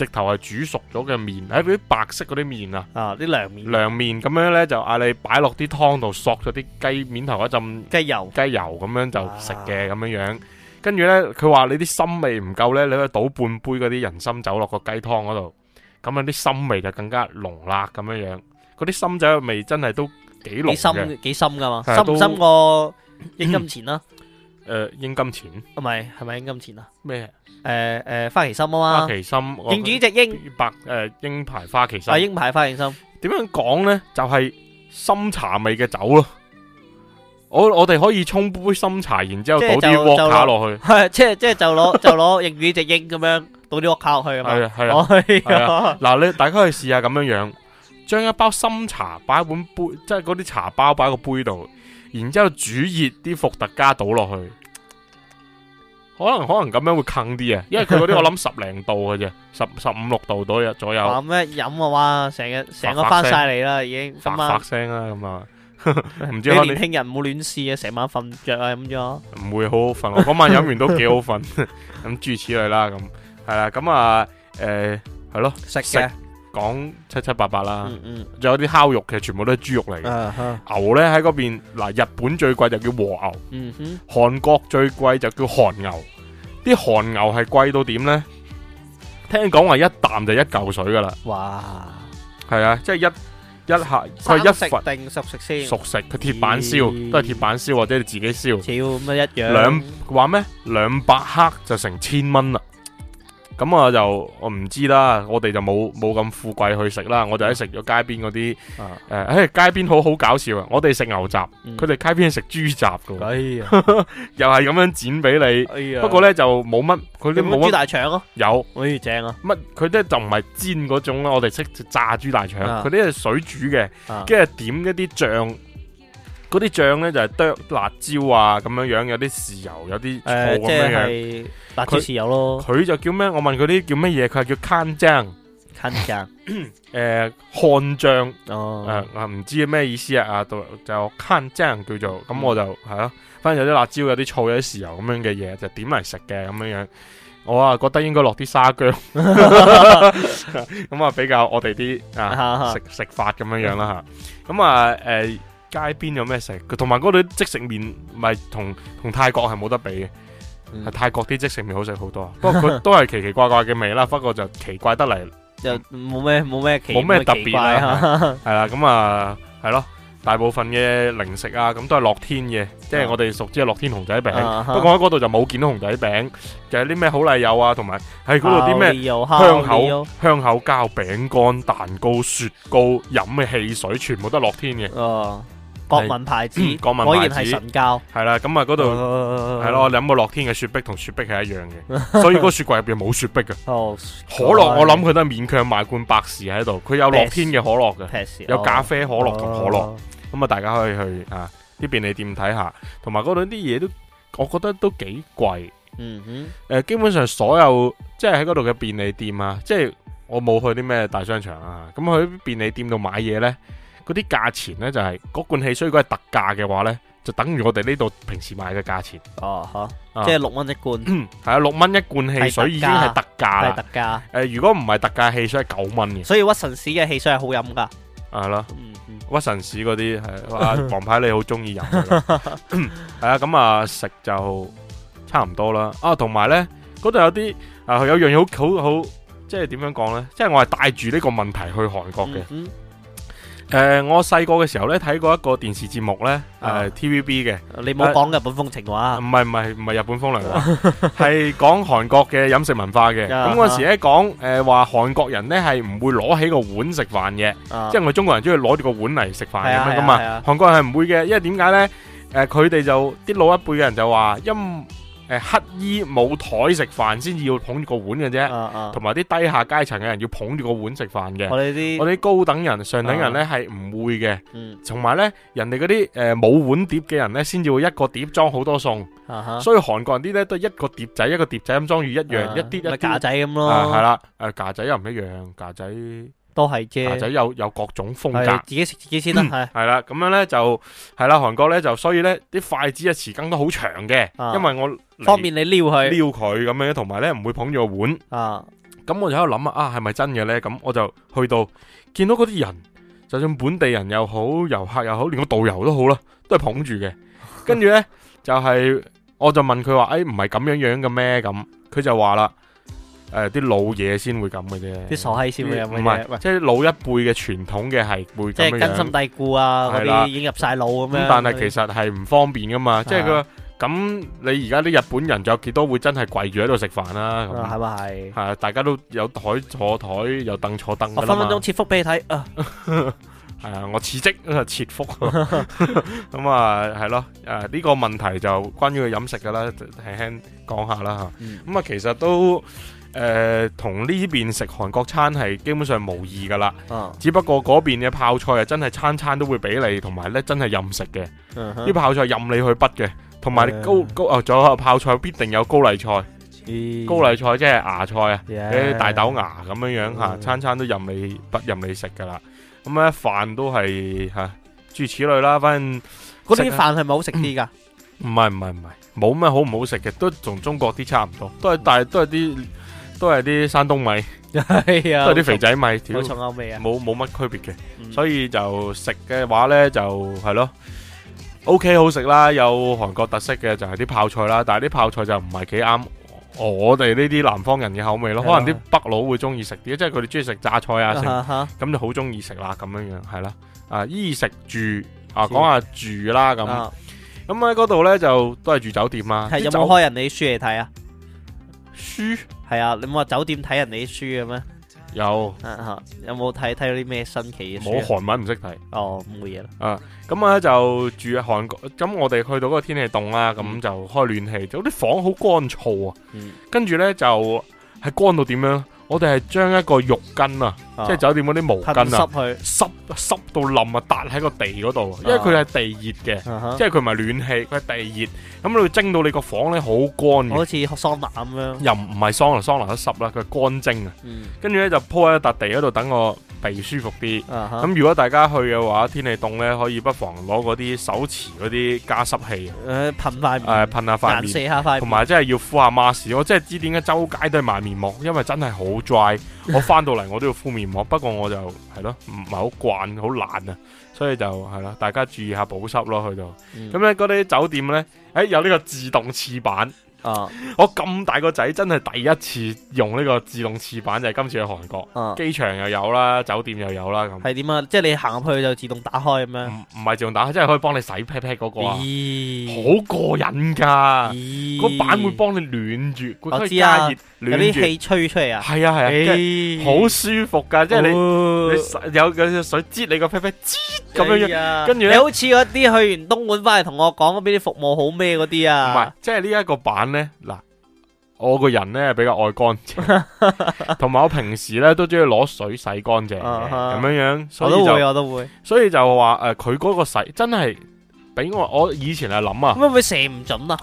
直頭係煮熟咗嘅麵，喺嗰啲白色嗰啲麵啊，啲涼麵，涼麵咁樣咧就嗌你擺落啲湯度，索咗啲雞麵頭一浸雞油，雞油咁樣就食嘅咁樣樣。跟住咧，佢話你啲參味唔夠咧，你可以倒半杯嗰啲人參酒落個雞湯嗰度，咁樣啲參味就更加濃啦。咁樣樣，嗰啲參酒嘅味真係都幾濃嘅，幾深，幾深噶嘛，深唔深過應金錢啦。嗯誒，鷹、呃、金錢係咪？係咪鷹金錢麼、呃呃、啊？咩？誒誒，花旗參啊花旗參，燕住隻鷹白誒，鷹牌花旗參，鷹、啊、牌花旗參。點樣講咧？就係、是、深茶味嘅酒咯。我我哋可以沖杯深茶，然之後倒啲臥卡落去。係， 即係即係就攞就攞燕子隻鷹咁樣倒啲臥卡落去啊嘛。係啊係啊，嗱你 大家可以試下咁樣樣，將一包深茶擺喺碗杯，即係嗰啲茶包擺喺個杯度，然之後煮熱啲伏特加倒落去。可能可能咁樣會坑啲啊，因為佢嗰啲我諗十零度嘅啫， 十十五六度多嘅左右。咁一飲我哇，成日成個翻晒嚟啦，已經。今晚發聲啦咁啊，唔 知道。你年輕人唔好亂試啊，成晚瞓唔着啊咁樣。唔會好好瞓， 我嗰晚飲完都幾好瞓，咁 諸如此類啦，咁係啦，咁啊，誒，係、呃、咯，呃、食嘅的。食講七七八八啦，仲、嗯嗯、有啲烤肉其實全部都係豬肉嚟嘅，uh huh. 牛咧喺嗰邊嗱，日本最貴就叫和牛，韓、uh huh. 國最貴就叫韓牛，啲韓牛係貴到點咧？聽講話一啖就一嚿水噶啦，哇！係啊，即係一一下佢一定熟食先熟食，佢鐵板燒都係鐵板燒或者你自己燒，燒乜一樣？兩話咩？兩百克就成千蚊啦。咁啊，就我唔知啦，我哋就冇冇咁富貴去食啦，我就喺食咗街邊嗰啲，誒，街邊好好搞笑啊！我哋食牛雜，佢哋街邊食豬雜噶，又係咁樣剪俾你。不過呢，就冇乜，佢啲冇乜豬大腸咯，有，哎呀，正啊！乜佢啲就唔係煎嗰種啦，我哋識炸豬大腸，佢啲係水煮嘅，跟住點一啲醬。嗰啲醬咧就係剁辣椒啊，咁樣樣有啲豉油，有啲醋咁樣樣。誒，即係辣豉油咯。佢就叫咩？我問佢啲叫乜嘢，佢叫堪醬。堪醬誒，漢醬。我唔知咩意思啊。啊，就堪醬叫做咁，我就係咯。反正有啲辣椒，有啲醋，有啲豉油咁樣嘅嘢，就點嚟食嘅咁樣樣。我啊覺得應該落啲沙姜，咁啊比較我哋啲啊食食法咁樣樣啦吓？咁啊誒。街邊有咩食？佢同埋嗰度啲即食麵，唔係同同泰國係冇得比嘅，係泰國啲即食麵好食好多啊。不過佢都係奇奇怪怪嘅味啦，不過就奇怪得嚟，就冇咩冇咩奇冇咩特別啦。係啦，咁啊係咯，大部分嘅零食啊，咁都係樂天嘅，即係我哋熟知嘅樂天熊仔餅。不過喺嗰度就冇見到熊仔餅，就係啲咩好麗友啊，同埋喺嗰度啲咩香口香口膠餅乾、蛋糕、雪糕、飲嘅汽水，全部都係樂天嘅。國民牌子，國民牌子，果然係神教。係啦，咁啊，嗰度係咯，飲個樂天嘅雪碧同雪碧係一樣嘅，所以嗰雪櫃入邊冇雪碧嘅。可樂我諗佢都係勉強賣罐百事喺度，佢有樂天嘅可樂嘅，有咖啡可樂同可樂。咁啊，大家可以去啊啲便利店睇下，同埋嗰度啲嘢都，我覺得都幾貴。嗯哼，誒，基本上所有即係喺嗰度嘅便利店啊，即係我冇去啲咩大商場啊，咁去便利店度買嘢咧，嗰啲價錢咧就係，是，嗰罐汽水，如果係特價嘅話咧，就等於我哋呢度平時買嘅價錢。哦，啊，嚇，啊，即係六蚊一罐。係啊，六 蚊一罐汽水已經係特價啦。係特價。誒，呃，如果唔係特價汽水係九蚊嘅。所以屈臣氏嘅汽水係好飲㗎。係咯，啊，嗯嗯，屈臣氏嗰啲係啊，黃牌你好中意飲。係啊， 咁啊食就差唔多啦。啊，同埋咧，嗰度，啊，有啲啊，有樣嘢好好好，即係點樣講咧？即，就，係，是，我係帶住呢個問題去韓國嘅。嗯嗯誒，我細個嘅時候咧睇過一個電視節目咧，誒 TVB 嘅，你唔好講日本風情話，唔係唔係唔係日本風涼話，係講韓國嘅飲食文化嘅。咁嗰陣時咧講，誒話韓國人咧係唔會攞起個碗食飯嘅，即係我哋中國人中意攞住個碗嚟食飯咁嘛，韓國人係唔會嘅，因為點解咧？誒，佢哋就啲老一輩嘅人就話因。誒，乞衣冇台食飯先至要捧住個碗嘅啫，同埋啲低下階層嘅人要捧住個碗食飯嘅。我哋啲我哋高等人、上等人咧係唔會嘅。同埋咧人哋嗰啲誒冇碗碟嘅人咧，先至會一個碟裝好多餸。所以韓國人啲咧都一個碟仔一個碟仔咁裝住一樣一啲一。架仔咁咯。係啦，誒架仔又唔一樣，架仔都係啫。架仔有有各種風格。自己食自己先啦，係。係啦，咁樣咧就係啦，韓國咧就所以咧啲筷子啊匙羹都好長嘅，因為我。方便你撩佢，撩佢咁樣，同埋咧唔會捧住個碗啊。咁我就喺度諗啊，啊係咪真嘅咧？咁我就去到見到嗰啲人，就算本地人又好，遊客又好，連個導遊都好啦，都係捧住嘅。跟住咧就係、是，我就問佢話：，誒、哎，唔係咁樣、呃、樣嘅咩？咁佢就話啦，誒是，啲老嘢先會咁嘅啫，啲傻閪先會咁嘅。唔係，即係老一輩嘅傳統嘅係會咁嘅嘢。根深蒂固啊，嗰啲已經入晒腦咁樣。的但係其實係唔方便噶嘛，即係佢。咁你而家啲日本人仲有幾多會真係跪住喺度食飯啦？啊，係咪大家都有台坐台，有凳坐凳，我分分鐘切腹俾你睇啊！係啊，我辭職切腹。咁啊，係咯。 誒，呢個問題就關於個飲食噶啦，輕輕講下啦吓。咁啊，其實都誒同呢邊食韓國餐係基本上無異噶啦。只不過嗰邊嘅泡菜啊，massage, 真係餐餐都會俾你，同埋咧真係任食嘅。啲泡菜任你去滗嘅。些同埋你高高哦，仲有泡菜，必定有高麗菜，高麗菜即係芽菜啊，啲大豆芽咁樣樣吓，餐餐都任你不任你食噶啦。咁咧飯都係吓諸如此類啦，反正嗰啲飯係咪好食啲噶？唔係唔係唔係，冇咩好唔好食嘅，都同中國啲差唔多，都係但係都係啲都係啲山東米，都係啲肥仔米，冇重口味啊，冇冇乜區別嘅，所以就食嘅話咧就係咯。O、okay, K 好食啦，有韓國特色嘅就係、是、啲泡菜啦，但係啲泡菜就唔係幾啱我哋呢啲南方人嘅口味咯，啊、可能啲北佬會中意食啲，啊啊、即係佢哋中意食榨菜啊，咁、啊、就好中意食啦，咁樣樣係啦。啊，衣食住啊，講下住啦，咁，咁喺嗰度咧就都係住酒店啊，有冇開人哋啲書嚟睇啊？些有有書係啊，書啊，你冇話酒店睇人哋啲書嘅咩？有，有，有冇睇睇到啲咩新奇嘅書？冇韓文唔識睇，哦冇嘢啦。啊，咁啊就住韓國，咁我哋去到嗰個天氣凍啦，咁就開暖氣，就啲房好乾燥啊，嗯，跟住咧就係乾到點樣？我哋係將一個浴巾啊，啊即係酒店嗰啲毛巾啊，濕去濕濕到冧啊，笪喺個地嗰度，啊、因為佢係地熱嘅，uh huh. 即係佢唔係暖氣，佢係地熱，咁佢蒸到你個房咧好乾，好似桑拿咁樣，又唔係桑拿，桑拿都濕啦，佢係乾蒸啊，跟住咧就鋪喺笪地嗰度等我。鼻舒服啲咁，uh huh. 如果大家去嘅話，天氣凍呢，可以不妨攞嗰啲手持嗰啲加濕器，誒噴下塊面，同埋真係要敷下 mask。我真係知點解周街都係賣面膜，因為真係好 dry。 我翻到嚟我都要敷面膜，不過我就係咯唔唔係好慣，好懶啊，所以就係咯，大家注意下保濕咯。去到咁咧，嗰啲、嗯、酒店呢，誒、欸、有呢個自動廁板。啊！我咁大個仔真係第一次用呢個自動廁板，就係今次去韓國。機場又有啦，酒店又有啦，咁係點啊？即係你行入去就自動打開咁樣？唔唔係自動打開，即係可以幫你洗 pat pat 嗰個啊！好過癮噶，個板會幫你暖住，我知啊，有啲氣吹出嚟啊，係啊係啊，好舒服噶，即係你有有只水接你個 pat pat 咁樣跟住你好似嗰啲去完東莞翻嚟同我講邊啲服務好咩嗰啲啊？唔係，即係呢一個板。咧嗱、啊，我個人咧比較愛乾淨，同埋 我平時咧都中意攞水洗乾淨咁樣樣，所以都我都會，會所以就話誒，佢、呃、嗰個洗真係俾我我以前係諗啊，會唔會射唔準啊？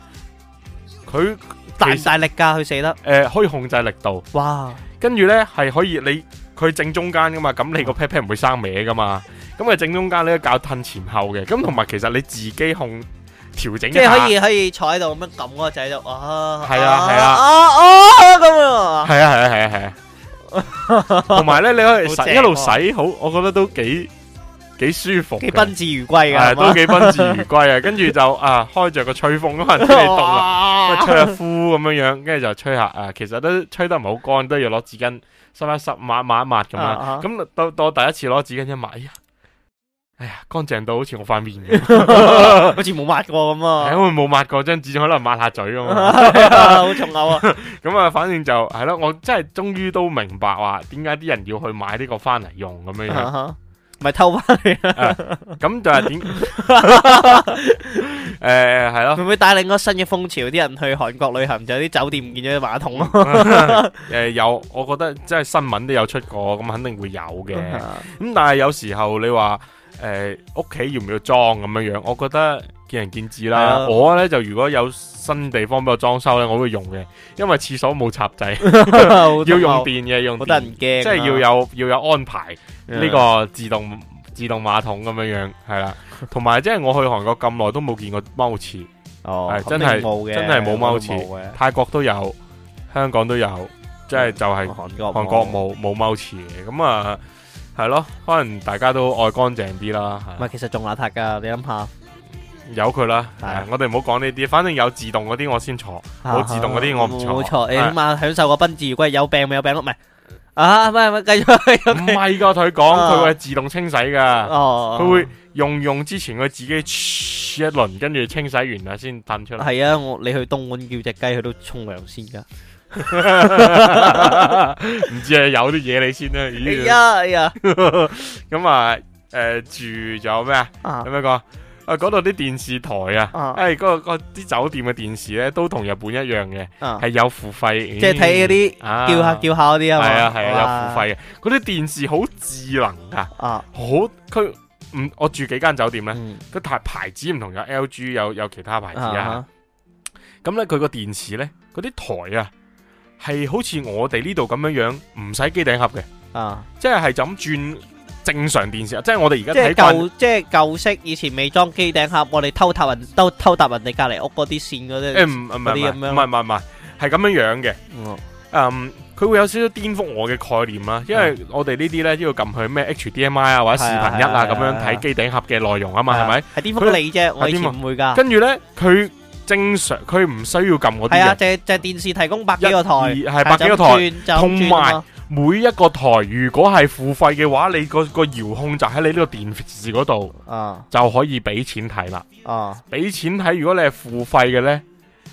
佢大晒力噶、啊，佢射得誒、呃，可以控制力度。哇 Wow.！跟住咧係可以你佢正中間噶嘛，咁你個 pet pet 唔會生歪噶嘛，咁啊正中間咧較褪前後嘅，咁同埋其實你自己控。即係可以可以坐喺度咁樣撳嗰個掣就，哇！係啊係啊，啊哦咁啊！係啊係啊係啊係啊，同埋咧你可以一路洗，好我覺得都幾幾舒服，幾賓至如歸噶，都幾賓至如歸啊！跟住就啊，開着個吹風可能真係凍啊，吹下呼咁樣樣，跟住就吹下啊，其實都吹得唔好乾，都要攞紙巾濕一濕抹一抹咁啊。咁到到第一次攞紙巾一抹哎呀，乾淨到好似我塊面，好似冇抹過咁啊！係我冇抹過張紙，可能抹下嘴咁啊，好重口啊！咁啊，反正就係咯，我真係終於都明白話點解啲人要去買呢個翻嚟用咁樣樣，咪偷翻嚟啦！咁就係點？誒，係咯，會唔會帶領個新嘅風潮？啲人去韓國旅行就有啲酒店見咗啲馬桶咯。誒、 嗯嗯，有，我覺得即係新聞都有出過，咁、嗯、肯定會有嘅。咁、 嗯嗯、但係有時候你話。誒，屋企要唔要裝咁樣樣？我覺得見仁見智啦。我呢，就如果有新地方俾我裝修呢，我會用嘅，因為廁所冇插仔，要用電嘅，用好得人驚，即係要有要有安排呢個自動自動馬桶咁樣樣，係啦。同埋即係我去韓國咁耐都冇見過踎廁，真係冇嘅，真係冇踎廁。泰國都有，香港都有，即係就係韓國冇冇踎廁，咁啊。係咯，可能大家都愛乾淨啲啦。唔係，其實仲邋遢噶，你諗下。由佢啦，我哋唔好講呢啲。反正有自動嗰啲我先坐，冇、啊、自動嗰啲我唔坐。冇錯，起碼的享受個賓治。如果係有病咪有病咯，唔係啊？唔係唔係，繼續。唔係佢講佢會自動清洗噶。佢、啊、會用用之前佢自己一輪，跟住清洗完啦先噴出嚟。係啊，我你去東莞叫隻雞佢都沖涼先噶。唔知係有啲嘢，你先啦。哎咁啊，誒，住仲有咩啊？咁樣講啊，嗰度啲電視台啊，誒，嗰個啲酒店嘅電視咧，都同日本一樣嘅，係有付費，即係睇嗰啲叫下叫下嗰啲啊嘛。係啊係啊，有付費嘅。嗰啲電視好智能噶好佢唔我住幾間酒店咧，個台牌子唔同，有 LG 有有其他牌子啊。咁咧佢個電視咧，嗰啲台啊。係好似我哋呢度咁樣樣，唔使機頂盒嘅，啊，即係就咁轉正常電視，即係我哋而家睇舊，即係舊式以前未裝機頂盒，我哋偷搭人偷偷搭人哋隔籬屋嗰啲線嗰啲，誒唔唔唔唔唔唔唔係唔係唔係係咁樣樣嘅，嗯，佢會有少少顛覆我嘅概念啦，因為我哋呢啲咧都要撳佢咩 HDMI 啊或者視頻一啊咁樣睇機頂盒嘅內容啊嘛，係咪？係顛覆你啫，我以前唔會噶。跟住咧，佢。正常佢唔需要撳嗰啲嘢。係啊，就就係電視提供百幾個台，係百幾個台，同埋每一個台如果係付費嘅話，你個個遙控就喺你呢個電視嗰度，啊、就可以俾錢睇啦。俾、啊、錢睇，如果你係付費嘅呢。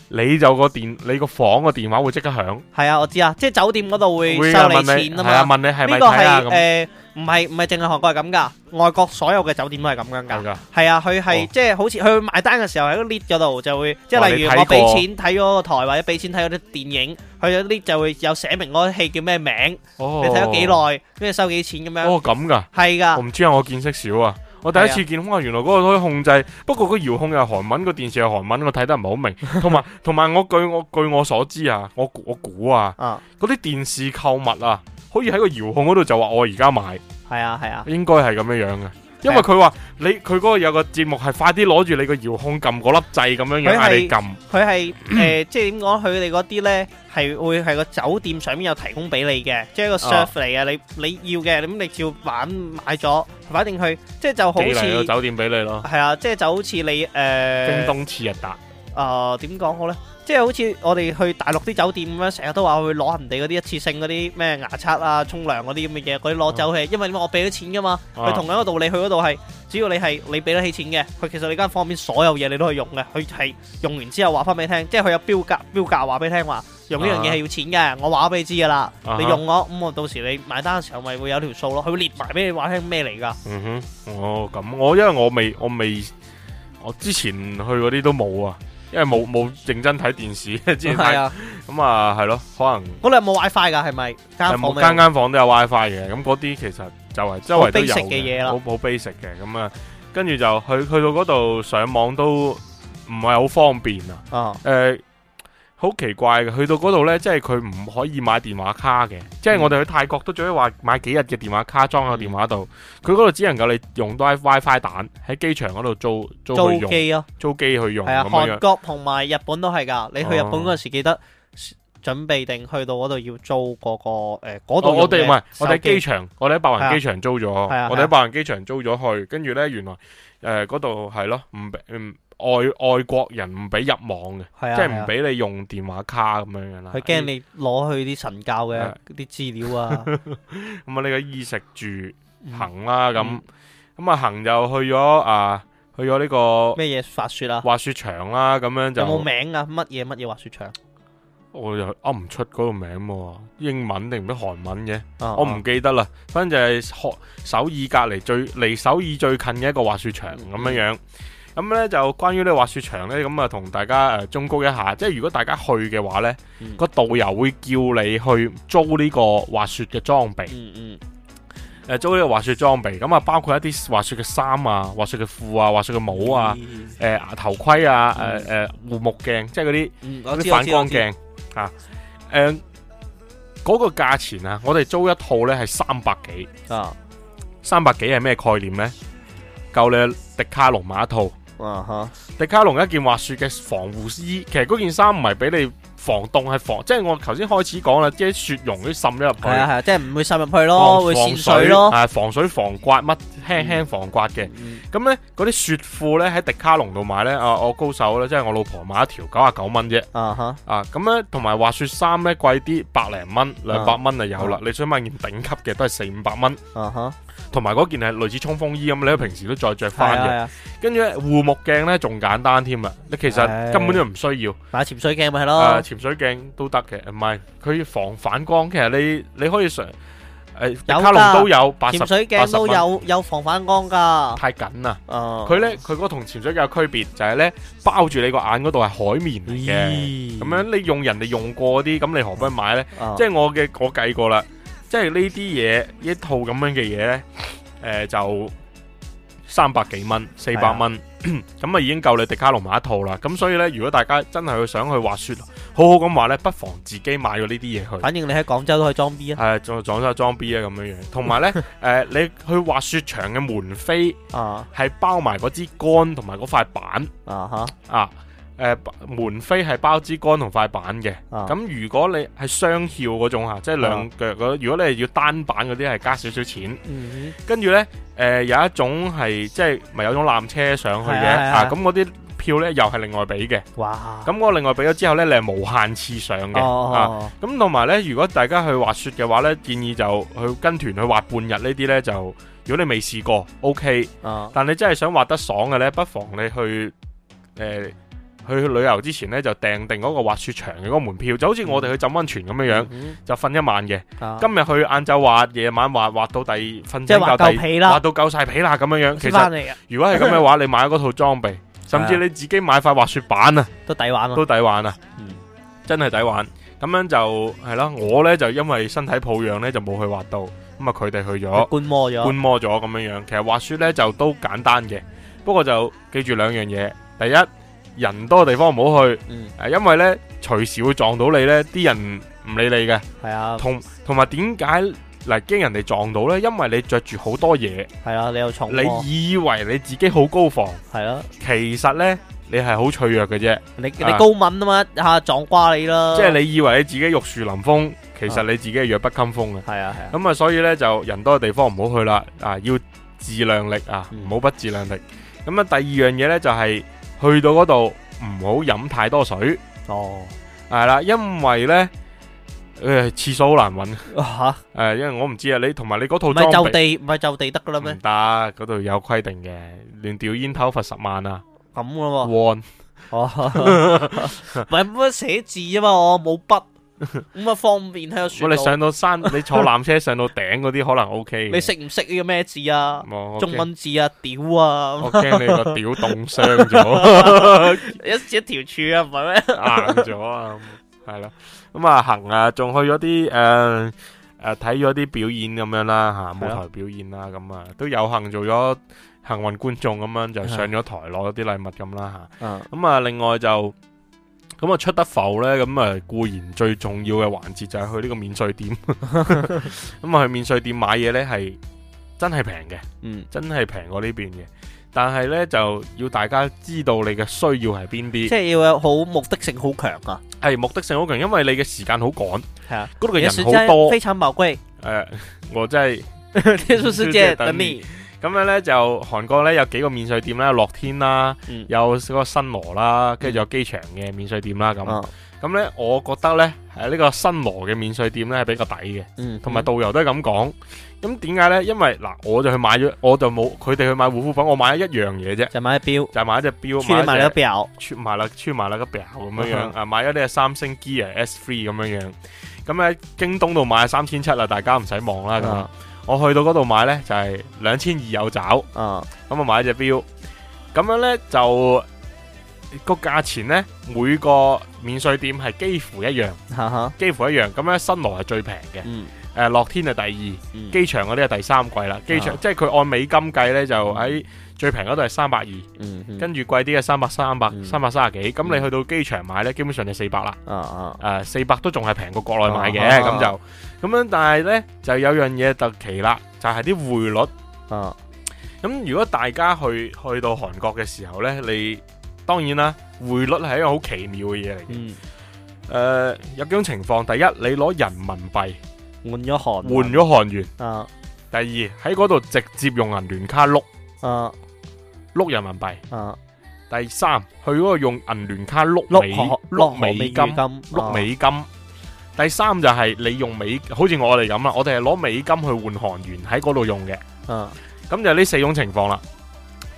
你就個電，你個房個電話會即刻響。係啊，我知啊，即係酒店嗰度會收你錢啊嘛。係啊，問你係咪睇啊？呢個係誒，唔係唔係淨係韓國係咁噶？外國所有嘅酒店都係咁樣噶。係啊，佢係即係好似佢埋單嘅時候喺個 list 嗰度就會，即係例如我俾錢睇嗰個台或者俾錢睇嗰啲電影，佢喺 list 就會有寫明嗰啲戲叫咩名，你睇咗幾耐，跟住收幾錢咁樣。哦，咁噶？係噶。我唔知啊，我見識少啊。我第一次見，我話原來嗰個都可以控制，不過個遙控又係韓文，個電視又係韓文，我睇得唔係好明。同埋同埋，我據我據我所知啊，我我估啊，嗰啲、啊、電視購物啊，可以喺個遙控嗰度就話我而家買，係啊係啊，啊應該係咁樣樣嘅。因為佢話你佢嗰個有個節目係快啲攞住你遙、嗰個遙控撳嗰粒掣咁樣樣嗌你撳，佢係誒即係點講？佢哋嗰啲咧係會係個酒店上面有提供俾你嘅，即係一個 service 嚟嘅。你要你要嘅咁你照買買咗，反正佢即係就好似俾酒店俾你咯，係啊！即係就好你、呃、似你誒。京東次日達。誒，點講好咧？即係好似我哋去大陸啲酒店咁樣，成日都話去攞人哋嗰啲一次性嗰啲咩牙刷啊、沖涼嗰啲咁嘅嘢，嗰啲攞走去。因為點啊？我俾咗錢噶嘛。佢同樣嘅道理，你去嗰度係，只要你係你俾得起錢嘅，佢其實你間房入邊所有嘢你都可以用嘅。佢係用完之後話翻俾你聽，即係佢有標價標價話俾你聽話，用呢樣嘢係要錢嘅。我話俾你知噶啦，你用我咁我到時你埋單嘅時候咪會有條數咯。佢會列埋俾你話聽咩嚟噶？嗯哼，哦，我咁我因為我未我未我之前去嗰啲都冇啊。因為冇冇認真睇電視，之前睇啊，咁啊，係咯，可能嗰度有冇 WiFi 噶？係咪間房間？間間房都有 WiFi 嘅，咁嗰啲其實就係、是、周圍都有嘅嘢啦，好好 basic 嘅。咁啊，跟住就去去到嗰度上網都唔係好方便啊。啊、uh，誒、huh. 呃。好奇怪嘅，去到嗰度呢，即係佢唔可以買電話卡嘅，即係我哋去泰國都仲要話買幾日嘅電話卡裝喺電話度，佢嗰度只能夠你用到啲 WiFi 蛋，喺機場嗰度租租去用。租機去用。係啊，韓國同埋日本都係噶你去日本嗰時記得準備定去到嗰度要租嗰個誒度，我哋唔係，我哋喺機場，我哋喺白雲機場租咗，我哋喺白雲機場租咗去，跟住呢，原來誒嗰度係咯，唔唔。外外國人唔俾入網嘅，即係唔俾你用電話卡咁樣樣啦。佢驚你攞去啲神教嘅啲資料啊。咁啊，呢個衣食住行啦，咁咁啊，行又去咗啊，去咗呢個咩嘢滑雪啊？滑雪場啦，咁樣就。有冇名啊？乜嘢乜嘢滑雪場？我又噏唔出嗰個名，英文定唔知韓文嘅，我唔記得啦。反正就係首爾隔籬最離首爾最近嘅一個滑雪場咁樣樣。咁咧就關於呢個滑雪場咧，咁啊同大家誒忠、呃、告一下，即係如果大家去嘅話咧，嗯、個導遊會叫你去租呢個滑雪嘅裝備，誒、嗯嗯呃、租呢個滑雪裝備，咁、嗯、啊包括一啲滑雪嘅衫啊、滑雪嘅褲啊、滑雪嘅帽啊、誒、呃、頭盔啊、誒誒、嗯呃、護目鏡，即係嗰啲啲反光鏡嚇。誒嗰、啊呃那個價錢啊，我哋租一套咧係三百幾啊，三百幾係咩概念咧？夠你迪卡龍買一,一套。哇，哈、uh！Huh. 迪卡龍一件滑雪嘅防護衣，其實嗰件衫唔係俾你。防凍係防，即係我頭先開始講啦，即係雪融嗰啲滲咗入去，係啊係，即係唔會滲入去咯，防水會滲水咯，防水防刮，乜輕輕防刮嘅。咁咧嗰啲雪褲咧喺迪卡龍度買咧，啊我高手啦，即係我老婆買一條九、uh huh. 啊九蚊啫。啊咁咧同埋滑雪衫咧貴啲，百零蚊兩百蚊就有啦。Uh huh. 你想買件頂級嘅都係四五百蚊。同埋嗰件係類似衝鋒衣咁，你平時都再着翻嘅。跟住咧護目鏡咧仲簡單添啦，你其實根本都唔需要買潛水鏡咪係咯。Uh huh. 啊潛水鏡都得嘅，唔係佢防反光。其實你你可以上誒，呃、迪卡龍都，都有，潛水鏡都有有防反光噶。太緊啦，佢咧佢嗰個同潛水鏡嘅區別就係咧，包住你個眼嗰度係海綿嚟嘅。咁、嗯、樣你用人哋用過啲，咁你何不買咧、嗯嗯？即係我嘅我計過啦，即係呢啲嘢一套咁樣嘅嘢咧，誒、呃、就三百幾蚊，四百蚊咁啊，已經夠你迪卡龍買一套啦。咁所以咧，如果大家真係去想去滑雪。好好咁話咧，不妨自己買咗呢啲嘢去。反正你喺廣州都可以裝 B 啊。係，仲裝裝 B 啊咁樣樣。同埋咧，誒，你去滑雪場嘅門飛啊，係包埋嗰支竿同埋嗰塊板啊嚇啊誒，門飛係包支竿同塊板嘅。咁如果你係雙翹嗰種嚇，即係兩腳嗰，如果你係要單板嗰啲，係加少少錢。跟住咧，誒有一種係即係咪有種纜車上去嘅嚇？咁嗰啲。票咧又係另外俾嘅，哇！咁我另外俾咗之後咧，你係無限次上嘅。咁同埋咧，如果大家去滑雪嘅話咧，建議就去跟團去滑半日呢啲咧就，如果你未試過，OK，、哦、但你真係想滑得爽嘅咧，不妨你去誒、呃、去旅遊之前咧就訂定嗰個滑雪場嘅嗰個門票，就好似我哋去浸溫泉咁樣樣，嗯、哼就瞓一晚嘅。啊、今日去晏晝滑，夜晚滑滑，滑到第瞓，第即係滑夠啦，滑到夠晒皮啦，咁樣樣。其實，啊、如果係咁嘅話，你買咗嗰套裝備。 甚至你自己買塊滑雪板啊，都抵玩都抵玩啊，玩啊嗯、真係抵玩。咁樣就係咯，我呢，就因為身體抱恙呢，就冇去滑到。咁啊，佢哋去咗觀摩咗觀摩咗咁樣樣。其實滑雪呢，就都簡單嘅，不過就記住兩樣嘢。第一，人多地方唔好去，嗯、因為呢，隨時會撞到你呢，啲人唔理你嘅係啊。同同埋點解？嗱，驚人哋撞到咧，因為你着住好多嘢，係啊，你又重，你以為你自己好高防，係咯，其實咧你係好脆弱嘅啫，你你高敏啊嘛，吓撞瓜你咯，即係你以為你自己玉樹臨風，其實你自己弱不禁風嘅，係啊係啊，咁啊所以咧就人多嘅地方唔好去啦，啊要自量力啊，唔好不自量力，咁啊第二樣嘢咧就係去到嗰度唔好飲太多水，哦，係啦，因為咧。誒，廁所好難揾吓。誒，因為我唔知啊，你同埋你嗰套唔係就地，唔係就地得噶啦咩？唔得，嗰度有規定嘅，亂丟煙頭罰十萬啊。咁咯。喎，唔係乜寫字啊嘛，我冇筆，咁啊方便睇個雪。不過你上到山，你坐纜車上到頂嗰啲可能 OK。你識唔識呢個咩字啊？冇，中文字啊，屌啊！我驚你個屌凍傷咗，一一條柱啊，唔係咩？硬咗啊，係咯。咁啊、嗯、行啊，仲去咗啲誒誒睇咗啲表演咁樣啦吓、啊，舞台表演啦咁啊，都有幸做咗幸運觀眾咁樣，就上咗台攞咗啲禮物咁啦吓。咁啊、嗯嗯，另外就咁啊、嗯、出得埠咧，咁、嗯、啊固然最重要嘅環節就係去呢個免稅店。咁啊 去免稅店買嘢咧係真係平嘅，嗯，真係平過呢邊嘅。但係咧，就要大家知道你嘅需要係邊啲。即係要有好目的性好強啊！係目的性好強，因為你嘅時間好趕。係啊，嗰度嘅人好多，非常寶貴。誒、呃，我真係穿梭世界等你。咁樣咧，就韓國咧有幾個免稅店、嗯、店啦，樂天啦，有嗰個新羅啦，跟住有機場嘅免稅店啦，咁。咁咧，我覺得咧喺呢、啊、個新羅嘅免稅店咧係比較抵嘅，同埋、嗯、導遊都係咁講。咁點解咧？因為嗱，我就去買咗，我就冇佢哋去買護膚品，我買咗一樣嘢啫，就買，錶就買一表，就買一隻表，穿埋啦表，穿埋啦穿埋啦個表咁樣樣，啊買咗呢個三星 Gear S3 咁樣樣。咁喺京東度買三千七啦，大家唔使望啦。咁我去到嗰度買咧就係兩千二有找，啊、嗯，咁啊買一隻表，咁樣咧就。個價錢呢，每個免稅店係幾乎一樣，uh huh. 幾乎一樣。咁樣，新羅係最平嘅，誒、huh. 呃，樂天係第二，機、uh huh. 場嗰啲係第三貴啦。機場、uh huh. 即係佢按美金計呢，就喺最平嗰度係三百二，跟住貴啲嘅三百三百三百三十幾。咁你去到機場買呢，基本上就四百啦。誒，四百都仲係平過國內買嘅。咁就咁樣，但係呢就有樣嘢特奇啦，就係啲匯率。啊、uh，咁、huh. 如果大家去去到韓國嘅時候呢，你。當然啦，匯率係一個好奇妙嘅嘢嚟嘅。誒、嗯呃，有幾種情況：第一，你攞人民幣換咗韓換咗韓元；啊，第二喺嗰度直接用銀聯卡碌；啊，碌人民幣；啊，第三去嗰個用銀聯卡碌美、美金，碌美、啊、美、美金。第三就係、是、你用美，好似我哋咁啦，我哋係攞美金去換韓元喺嗰度用嘅。啊、嗯，咁就呢四種情況啦。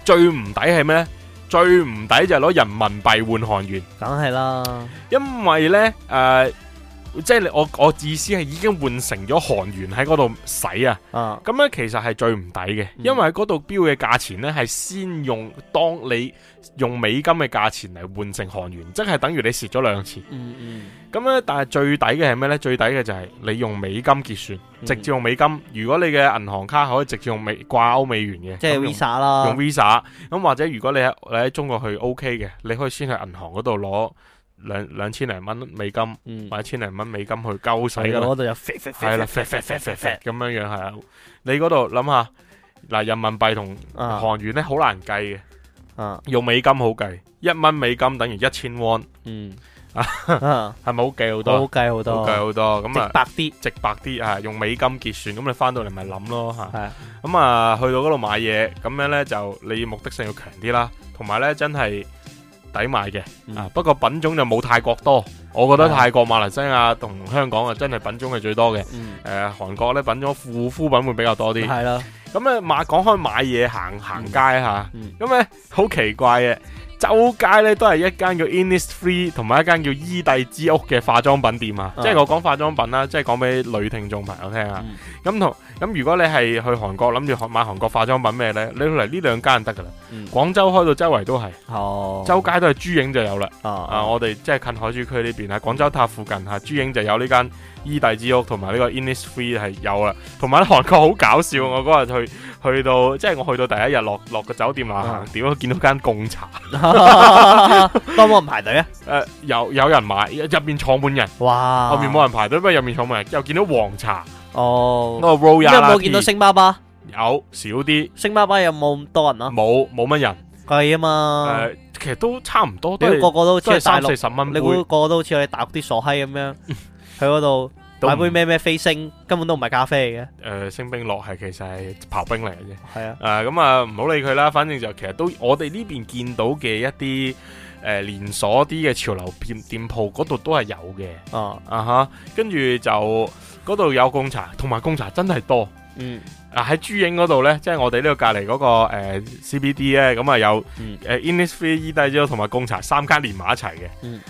最唔抵係咩咧？最唔抵就係攞人民幣換韓元，梗係啦，因為呢。誒、呃。即係我我意思係已經換成咗韓元喺嗰度使啊，咁咧、啊、其實係最唔抵嘅，嗯、因為嗰度標嘅價錢呢係先用當你用美金嘅價錢嚟換成韓元，即係等於你蝕咗兩次。咁咧、嗯嗯，但係最抵嘅係咩呢？最抵嘅就係你用美金結算，直接用美金。嗯、如果你嘅銀行卡可以直接用美掛歐美元嘅，即係 Visa 用 V 啦，用 Visa。咁或者如果你喺你喺中國去 OK 嘅，你可以先去銀行嗰度攞。兩兩千零蚊美金，買千零蚊美金去交稅。係噶，度有。係啦，咁樣樣係啊。你嗰度諗下，嗱，人民幣同韓元咧好難計嘅。啊，用美金好計，一蚊美金等於一千 won 嗯啊，係咪好計好多？好計好多，好計好多。咁啊，白啲，直白啲啊，用美金結算，咁你翻到嚟咪諗咯吓。係。咁啊，去到嗰度買嘢，咁樣咧就你目的性要強啲啦，同埋咧真係。抵買嘅，啊、嗯、不過品種就冇泰國多，我覺得泰國、啊、馬來西亞同香港啊真係品種係最多嘅，誒韓、嗯呃、國呢品種護膚品會比較多啲，係啦、嗯，咁啊買，講開買嘢行行街吓，咁咧好奇怪嘅。周街咧都係一間叫 Innisfree，同埋一間叫伊蒂之屋嘅化妝品店啊，嗯、即係我講化妝品啦、啊，即係講俾女聽眾朋友聽啊。咁、嗯、同咁如果你係去韓國諗住買韓國化妝品咩呢？你嚟呢兩間就得噶啦。廣、嗯、州開到周圍都係，哦、周街都係珠影就有啦。嗯、啊，我哋即係近海珠區呢邊啊，廣州塔附近啊，珠影就有呢間伊蒂之屋，同埋呢個 Innisfree 係有啦。同埋咧，韓國好搞笑，嗯嗯、我嗰日去。去到即係我去到第一日落落個酒店啦，點見到間貢茶，多冇人排隊啊？誒，有有人買入面坐滿人，哇！後面冇人排隊，因為入面坐滿人，又見到黃茶哦，個 Royal 有冇見到星巴巴？有少啲。星巴巴有冇咁多人啊？冇冇乜人。貴啊嘛。誒，其實都差唔多，都個個都即係三四十蚊，你估個個都好似我哋大陸啲傻閪咁樣喺嗰度。買杯咩咩飛星，根本都唔係咖啡嚟嘅。誒、呃，星冰樂係其實係刨冰嚟嘅啫。係啊。誒、呃，咁、嗯、啊，唔好理佢啦。反正就其實都，我哋呢邊見到嘅一啲誒、呃、連鎖啲嘅潮流店店鋪嗰度都係有嘅。嗯、啊啊哈。跟住就嗰度有貢茶，同埋貢茶真係多。嗯。嗱喺珠影嗰度咧，即係、就是、我哋呢度隔籬嗰個誒 CBD 咧，咁、呃、啊有誒 Innisfree、依代之，同埋貢茶三間連埋一齊嘅。嗯。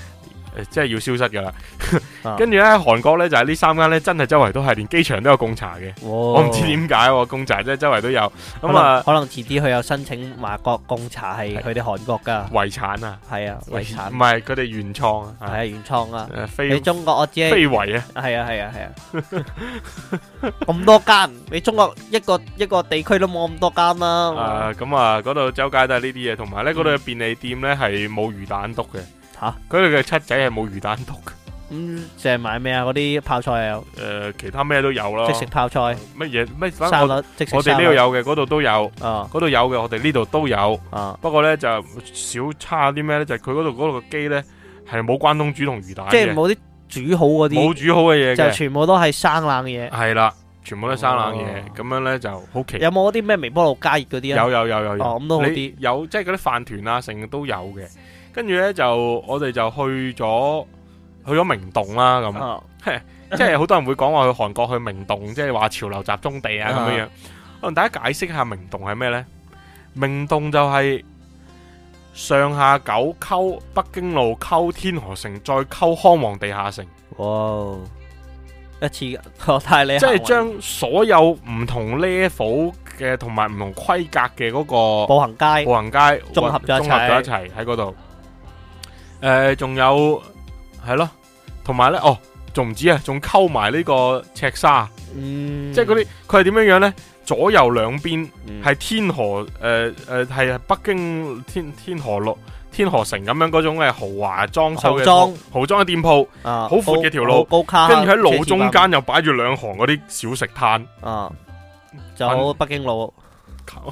即係要消失噶啦，跟住咧，韓國咧就係呢三間咧，真係周圍都係，連機場都有貢茶嘅。我唔知點解，貢茶真係周圍都有。咁啊，可能遲啲佢有申請華國貢茶係佢哋韓國噶遺產啊。係啊，遺產唔係佢哋原創啊。係啊，原創啊。你中國我知非遺啊。係啊，係啊，係啊。咁多間，你中國一個一個地區都冇咁多間啦。啊，咁啊，嗰度周街都係呢啲嘢，同埋咧，嗰度嘅便利店咧係冇魚蛋督嘅。吓，佢哋嘅七仔係冇魚蛋毒嘅，咁淨係買咩啊？嗰啲泡菜又，誒，其他咩都有啦，即食泡菜，乜嘢乜生我哋呢度有嘅，嗰度都有，啊，嗰度有嘅，我哋呢度都有，啊，不過咧就少差啲咩咧？就係佢嗰度嗰個機咧係冇關東煮同魚蛋，即係冇啲煮好嗰啲，冇煮好嘅嘢，就全部都係生冷嘢，係啦，全部都係生冷嘢，咁樣咧就好奇，有冇嗰啲咩微波爐加熱嗰啲啊？有有有有，哦咁都好啲，有即係嗰啲飯團啊，成日都有嘅。跟住呢就我哋就去咗去咗明洞啦咁，即係好多人會講話去韓國去明洞，即係話潮流集中地啊咁樣樣。我同大家解釋下明洞係咩呢？明洞就係上下九、溝北京路、溝天河城，再溝康王地下城。哇！一次我太你，即係將所有唔同 level 嘅同埋唔同規格嘅嗰個步行街、步行街綜合咗一齊喺嗰度。誒，仲、呃、有係咯，同埋咧，哦，仲唔止啊，仲溝埋呢個赤沙，嗯、即係嗰啲佢係點樣樣咧？左右兩邊係天河，誒、呃、誒，係北京天天河路、天河城咁樣嗰種嘅豪華裝修嘅豪裝嘅店鋪，好闊嘅條路，跟住喺路中間又擺住兩行嗰啲小食攤，啊，就喺北京路。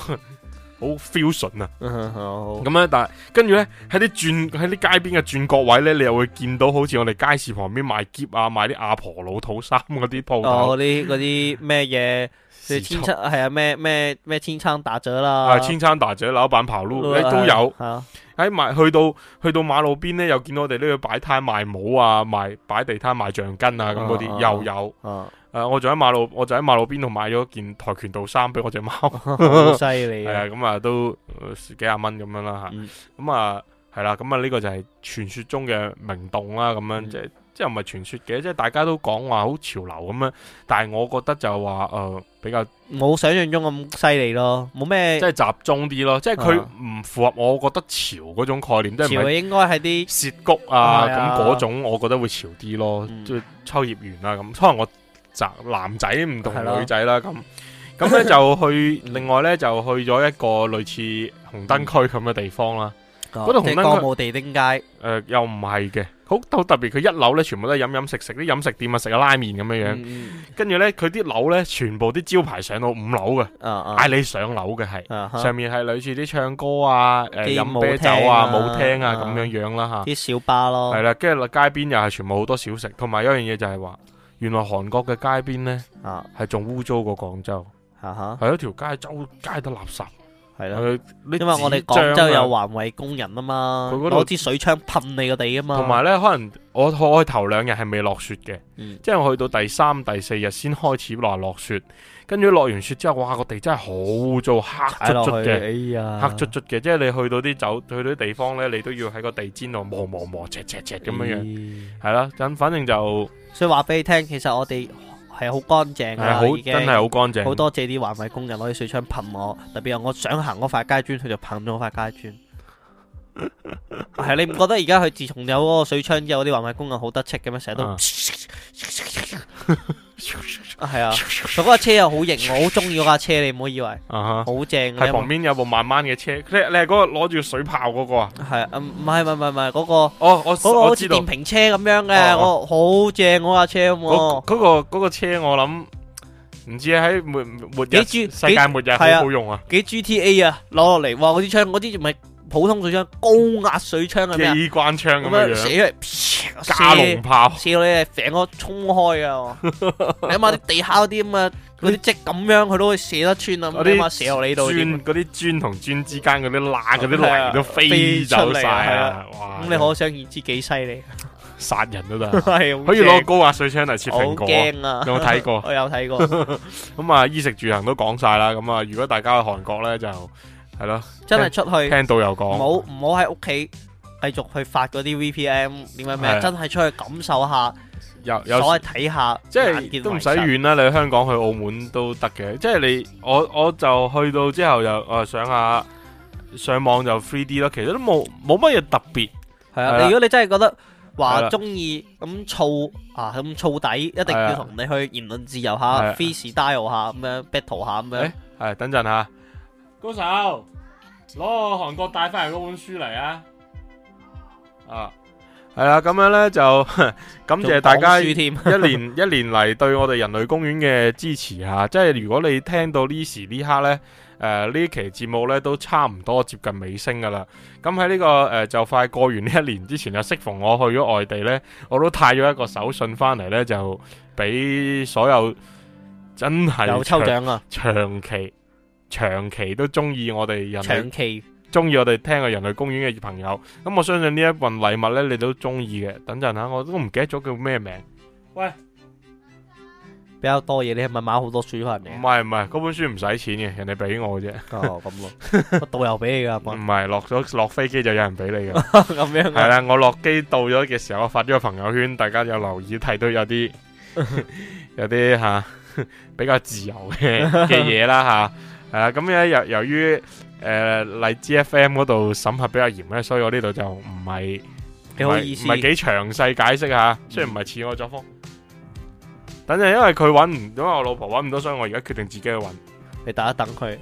嗯 好 fusion 啊，咁咧，但係跟住咧喺啲轉喺啲街邊嘅轉角位咧，你又會見到好似我哋街市旁邊賣夾啊，賣啲阿婆老土衫嗰啲鋪頭，嗰啲嗰啲咩嘢，千七係啊咩咩咩千餐打折啦，啊，千餐打折老闆跑路，誒都有喺埋去到去到馬路邊咧，又見到我哋呢度擺攤賣帽啊，賣擺地攤賣橡筋啊，咁嗰啲又有啊。誒、啊，我仲喺馬路，我就喺馬路邊度買咗件跆拳道衫俾我隻貓，好犀利。係啊，咁啊都幾廿蚊咁樣啦嚇。咁、嗯、啊係、啊嗯這個、啦，咁啊呢個就係傳説中嘅明洞啦。咁樣即係即係唔係傳説嘅？即係大家都講話好潮流咁樣，但係我覺得就話誒、呃、比較冇想像中咁犀利咯，冇咩即係集中啲咯。即係佢唔符合我，我覺得潮嗰種概念。即潮、啊、應該係啲澀谷啊咁嗰、啊、種，我覺得會潮啲咯，即係秋葉原啊。咁。可能我。男仔唔同女仔啦，咁咁咧就去，另外咧就去咗一個類似紅燈區咁嘅地方啦。嗰度紅燈區冇地丁街，誒又唔係嘅，好好特別。佢一樓咧全部都係飲飲食食啲飲食店啊，食個拉麵咁樣樣。跟住咧佢啲樓咧全部啲招牌上到五樓嘅，嗌你上樓嘅係，上面係類似啲唱歌啊、誒飲啤酒啊、舞廳啊咁樣樣啦吓。啲小巴咯，係啦，跟住落街邊又係全部好多小食，同埋有一樣嘢就係話。原來韓國嘅街邊呢，係仲污糟過廣州，係一條街周街都垃圾，係啦。因為我哋廣州有環衛工人啊嘛，攞支水槍噴你個地啊嘛。同埋呢，可能我開頭兩日係未落雪嘅，即係我去到第三、第四日先開始落落雪，跟住落完雪之後，哇個地真係好污糟，黑濁濁嘅，黑濁濁嘅，即係你去到啲走去到啲地方呢，你都要喺個地氈度磨磨磨、擦擦擦咁樣樣，係啦，反正就。所以話俾你聽，其實我哋係好乾淨嘅，真係好乾淨，好多謝啲環衞工人攞啲水槍噴我，特別係我想行嗰塊街磚，佢就噴咗塊街磚。係、 啊、你唔覺得而家佢自從有嗰個水槍之後，啲環衞工人好得戚嘅咩？成日都。啊 係啊，我嗰架車又好型，我好中意嗰架車，你唔好以為，好，uh huh, 正。喺為旁邊有部慢慢嘅車，你你係嗰個攞住水炮嗰，嗰個啊？係、嗯、啊，唔係唔係唔係嗰個。哦，oh, 我，我嗰個好似電瓶車咁樣嘅，我好正嗰架車。嗰，uh huh. 嗰個嗰，嗰個車我諗唔知喺末日幾 G, 世界末日好好用啊。幾 G T A 啊，攞落嚟，哇！嗰啲槍，嗰啲咪～普通水槍、高壓水槍咁樣，機關槍咁樣射出嚟，加農炮射到你成個衝開啊。你睇下啲地下嗰啲咁啊，嗰啲積咁樣，佢都可以射得穿啊！起碼射落你度，磚嗰啲磚同磚之間嗰啲罅，嗰啲泥都飛走晒，哇！咁你可想而知幾犀利，殺人都得，可以攞高壓水槍嚟切蘋果。驚啊！有冇睇過？ 我有睇過。咁啊， 衣食住行都講晒啦。咁啊，如果大家去韓國咧就。係咯，真係出去聽導遊講，唔好唔好喺屋企繼續去發嗰啲 VPN 點解？咩，真係出去感受下，又可以睇下，即係都唔使遠啦。你香港去澳門都得嘅，即係你我我就去到之後又誒上下上網就 three D 咯，其實都冇冇乜嘢特別係啊。的的如果你真係覺得話中意咁燥啊咁燥底，一定要同你去言論自由下 free style 下咁樣 battle 下咁樣。係等陣吓。高手攞我韓國帶翻嚟嗰本書嚟啊！啊，係啦，啊，咁樣呢，就感謝大家一年一年嚟對我哋人類公園嘅支持吓，即係 如果你聽到呢時呢刻呢，誒、呃、呢期節目呢都差唔多接近尾聲㗎喇。咁喺呢個誒、呃、就快過完呢一年之前，就適逢我去咗外地呢，我都帶咗一個手信翻嚟呢，就俾所有真係有抽獎啊，長期。長期都中意我哋人類，長期中意我哋聽嘅人類公園嘅朋友，咁我相信呢一份禮物呢，你都中意嘅。等陣吓，我都唔記得咗叫咩名。喂，比較多嘢，你係咪買好多書翻嚟？唔係唔係，嗰本書唔使錢嘅，人哋俾我嘅啫。哦，咁咯，導遊俾你噶？唔係，落咗落飛機就有人俾你噶。咁樣係啦，我落機到咗嘅時候，我發咗個朋友圈，大家有留意睇到有啲有啲吓比較自由嘅嘅嘢啦吓。係啦，咁樣、啊嗯、由由於誒荔枝 FM 嗰度審核比較嚴咧，所以我呢度就唔係唔係唔係幾詳細解釋下、嗯、雖然唔係似我作風。等陣，因為佢搵唔到因為我老婆搵唔到，所以我而家決定自己去搵。你等一等佢。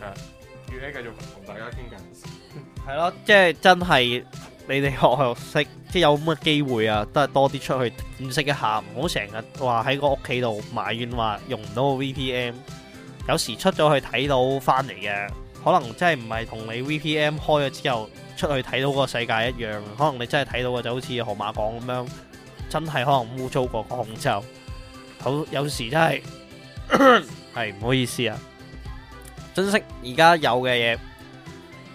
要 A 繼續同大家傾偈。係咯， 即係真係你哋學識，即係有咁嘅機會啊，都係多啲出去見識一下，唔好成日話喺個屋企度埋怨話用唔到 VPN。有時出咗去睇到翻嚟嘅，可能真係唔係同你 VPN 開咗之後出去睇到個世界一樣，可能你真係睇到嘅就好似河馬講咁樣，真係可能污糟過個控之後，好有時真係，係唔 好意思啊！珍惜而家有嘅嘢，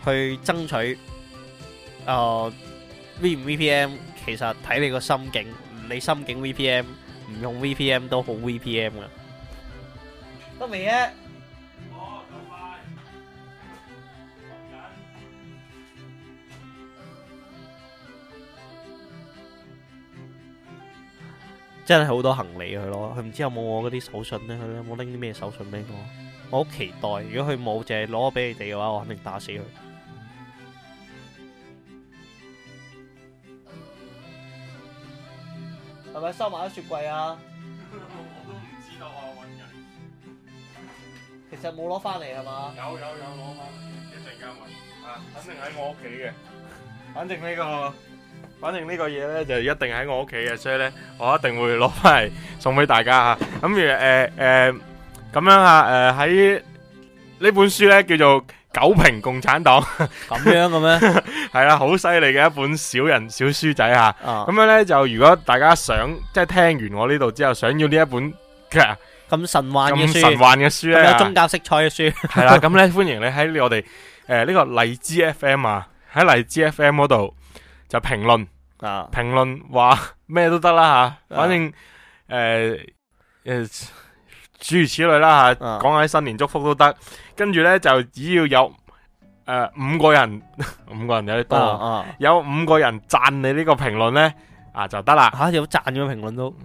去爭取。誒、呃、，V 唔 VPN？其實睇你個心境，你心境 VPN 唔用 VPN 都好 VPN 噶。都未啊！真係好多行李佢咯，佢唔知有冇我嗰啲手信咧，佢有冇拎啲咩手信俾我？我好期待，如果佢冇淨係攞咗俾你哋嘅話，我肯定打死佢。係咪收埋咗雪櫃啊？其實冇攞翻嚟係嘛？有有有攞翻嚟，一陣間問啊，肯定喺我屋企嘅。反正呢個，反正呢個嘢咧就一定喺我屋企嘅，所以咧我一定會攞翻嚟送俾大家啊！咁如，誒誒咁樣啊誒，喺呢本書咧叫做《九評共產黨》咁樣嘅咩？係啦，好犀利嘅一本小人小書仔吓。咁樣咧就如果大家想即係聽完我呢度之後，想要呢一本嘅。咁神幻嘅書，神幻嘅書、啊、有宗教色彩嘅書、啊 啊。係啦，咁咧歡迎你喺我哋誒呢個荔枝 FM 啊，喺荔枝 FM 嗰度就評論啊評論，評論話咩都得啦吓，反正誒誒，諸、啊呃呃、如此類啦、啊、吓，講、啊、下新年祝福都得，跟住咧就只要有誒、呃、五個人， 五個人有啲多，啊、有五個人讚你個評論呢個評論咧啊就得啦，吓、啊、有讚嘅評論都。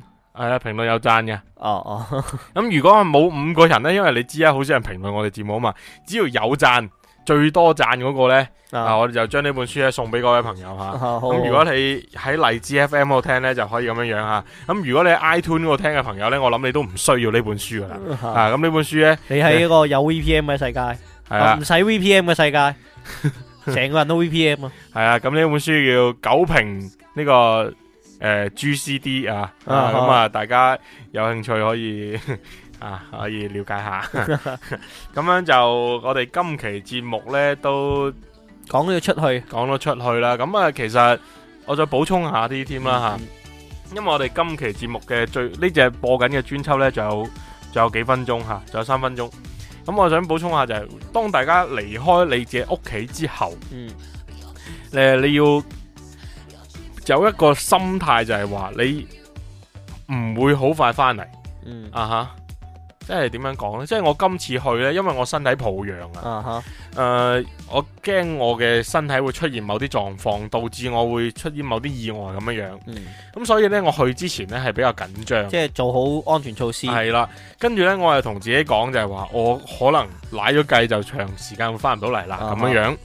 係啊，評論有讚嘅，哦哦，咁如果冇五個人呢？因為你知啊，好少人評論我哋節目啊嘛，只要有讚，最多讚嗰個呢，啊，啊，我哋就將呢本書咧送俾各位朋友吓。咁、啊、如果你喺荔枝 FM 度聽呢，就可以咁樣樣吓。咁如果你喺 iTunes 度聽嘅朋友呢，我諗你都唔需要呢本書噶啦。咁呢、啊啊、本書呢，你喺一個有 VPN 嘅世界，唔使 VPN 嘅世界，成的 個人都 VPN 啊。係啊，咁呢本書叫九評呢、這個。誒，G、C、D 啊咁啊，大家有興趣可以啊，可以了解下。咁樣就我哋今期節目呢都講咗出去，講咗出去啦。咁啊，其實我再補充下啲添啦吓，因為我哋今期節目嘅最呢隻播緊嘅專輯呢，仲有仲有幾分鐘吓，仲有三分鐘。咁我想補充下就係，當大家離開你自己屋企之後，誒，你要。有一個心態就係話你唔會好快翻嚟，嗯、啊哈，即係點樣講呢？即係我今次去呢，因為我身體抱恙啊哈，誒、呃，我驚我嘅身體會出現某啲狀況，導致我會出現某啲意外咁樣樣，咁、嗯啊、所以呢，我去之前呢係比較緊張，即係做好安全措施，係啦，跟住呢，我又同自己講就係話，我可能瀨咗計就長時間會翻唔到嚟啦，咁樣、啊、哈樣。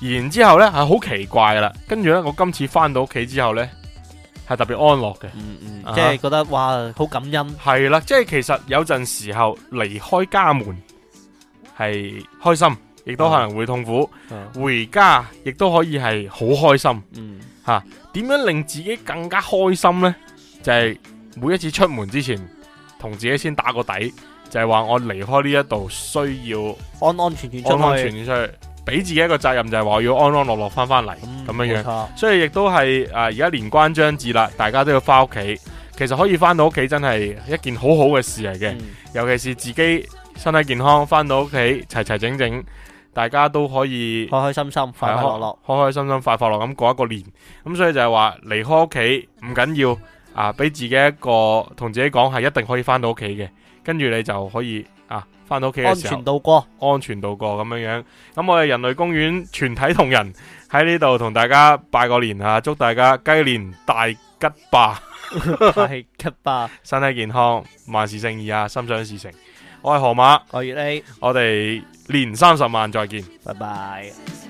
然之後呢係好奇怪啦，跟住呢我今次返到屋企之後呢係特別安樂嘅，嗯嗯，即係覺得哇好感恩。係啦，即係其實有陣時候離開家門係開心，亦都可能會痛苦。回家亦都可以係好開心。嗯，吓點樣令自己更加開心呢？就係每一次出門之前同自己先打個底，就係話我離開呢一度需要安安全全出去。俾自己一個責任就係話要安安樂樂翻返嚟咁樣樣，錯所以亦都係誒而家年關將至啦，大家都要翻屋企。其實可以翻到屋企真係一件好好嘅事嚟嘅，嗯、尤其是自己身體健康，翻到屋企齊齊整整，大家都可以開開心心、快快樂樂、開開心心、快快樂咁過一個年。咁、嗯、所以就係話離開屋企唔緊要啊，俾、呃、自己一個同自己講，係一定可以翻到屋企嘅，跟住你就可以。翻到屋企嘅時候，安全度過，安全度過，咁樣樣。咁我哋人類公園全體同仁喺呢度同大家拜個年啊，祝大家雞年大吉霸， 大吉吧霸， 身體健康，萬事勝意啊，心想事成。我係河馬，我係 A，我哋年三十晚再見，拜拜。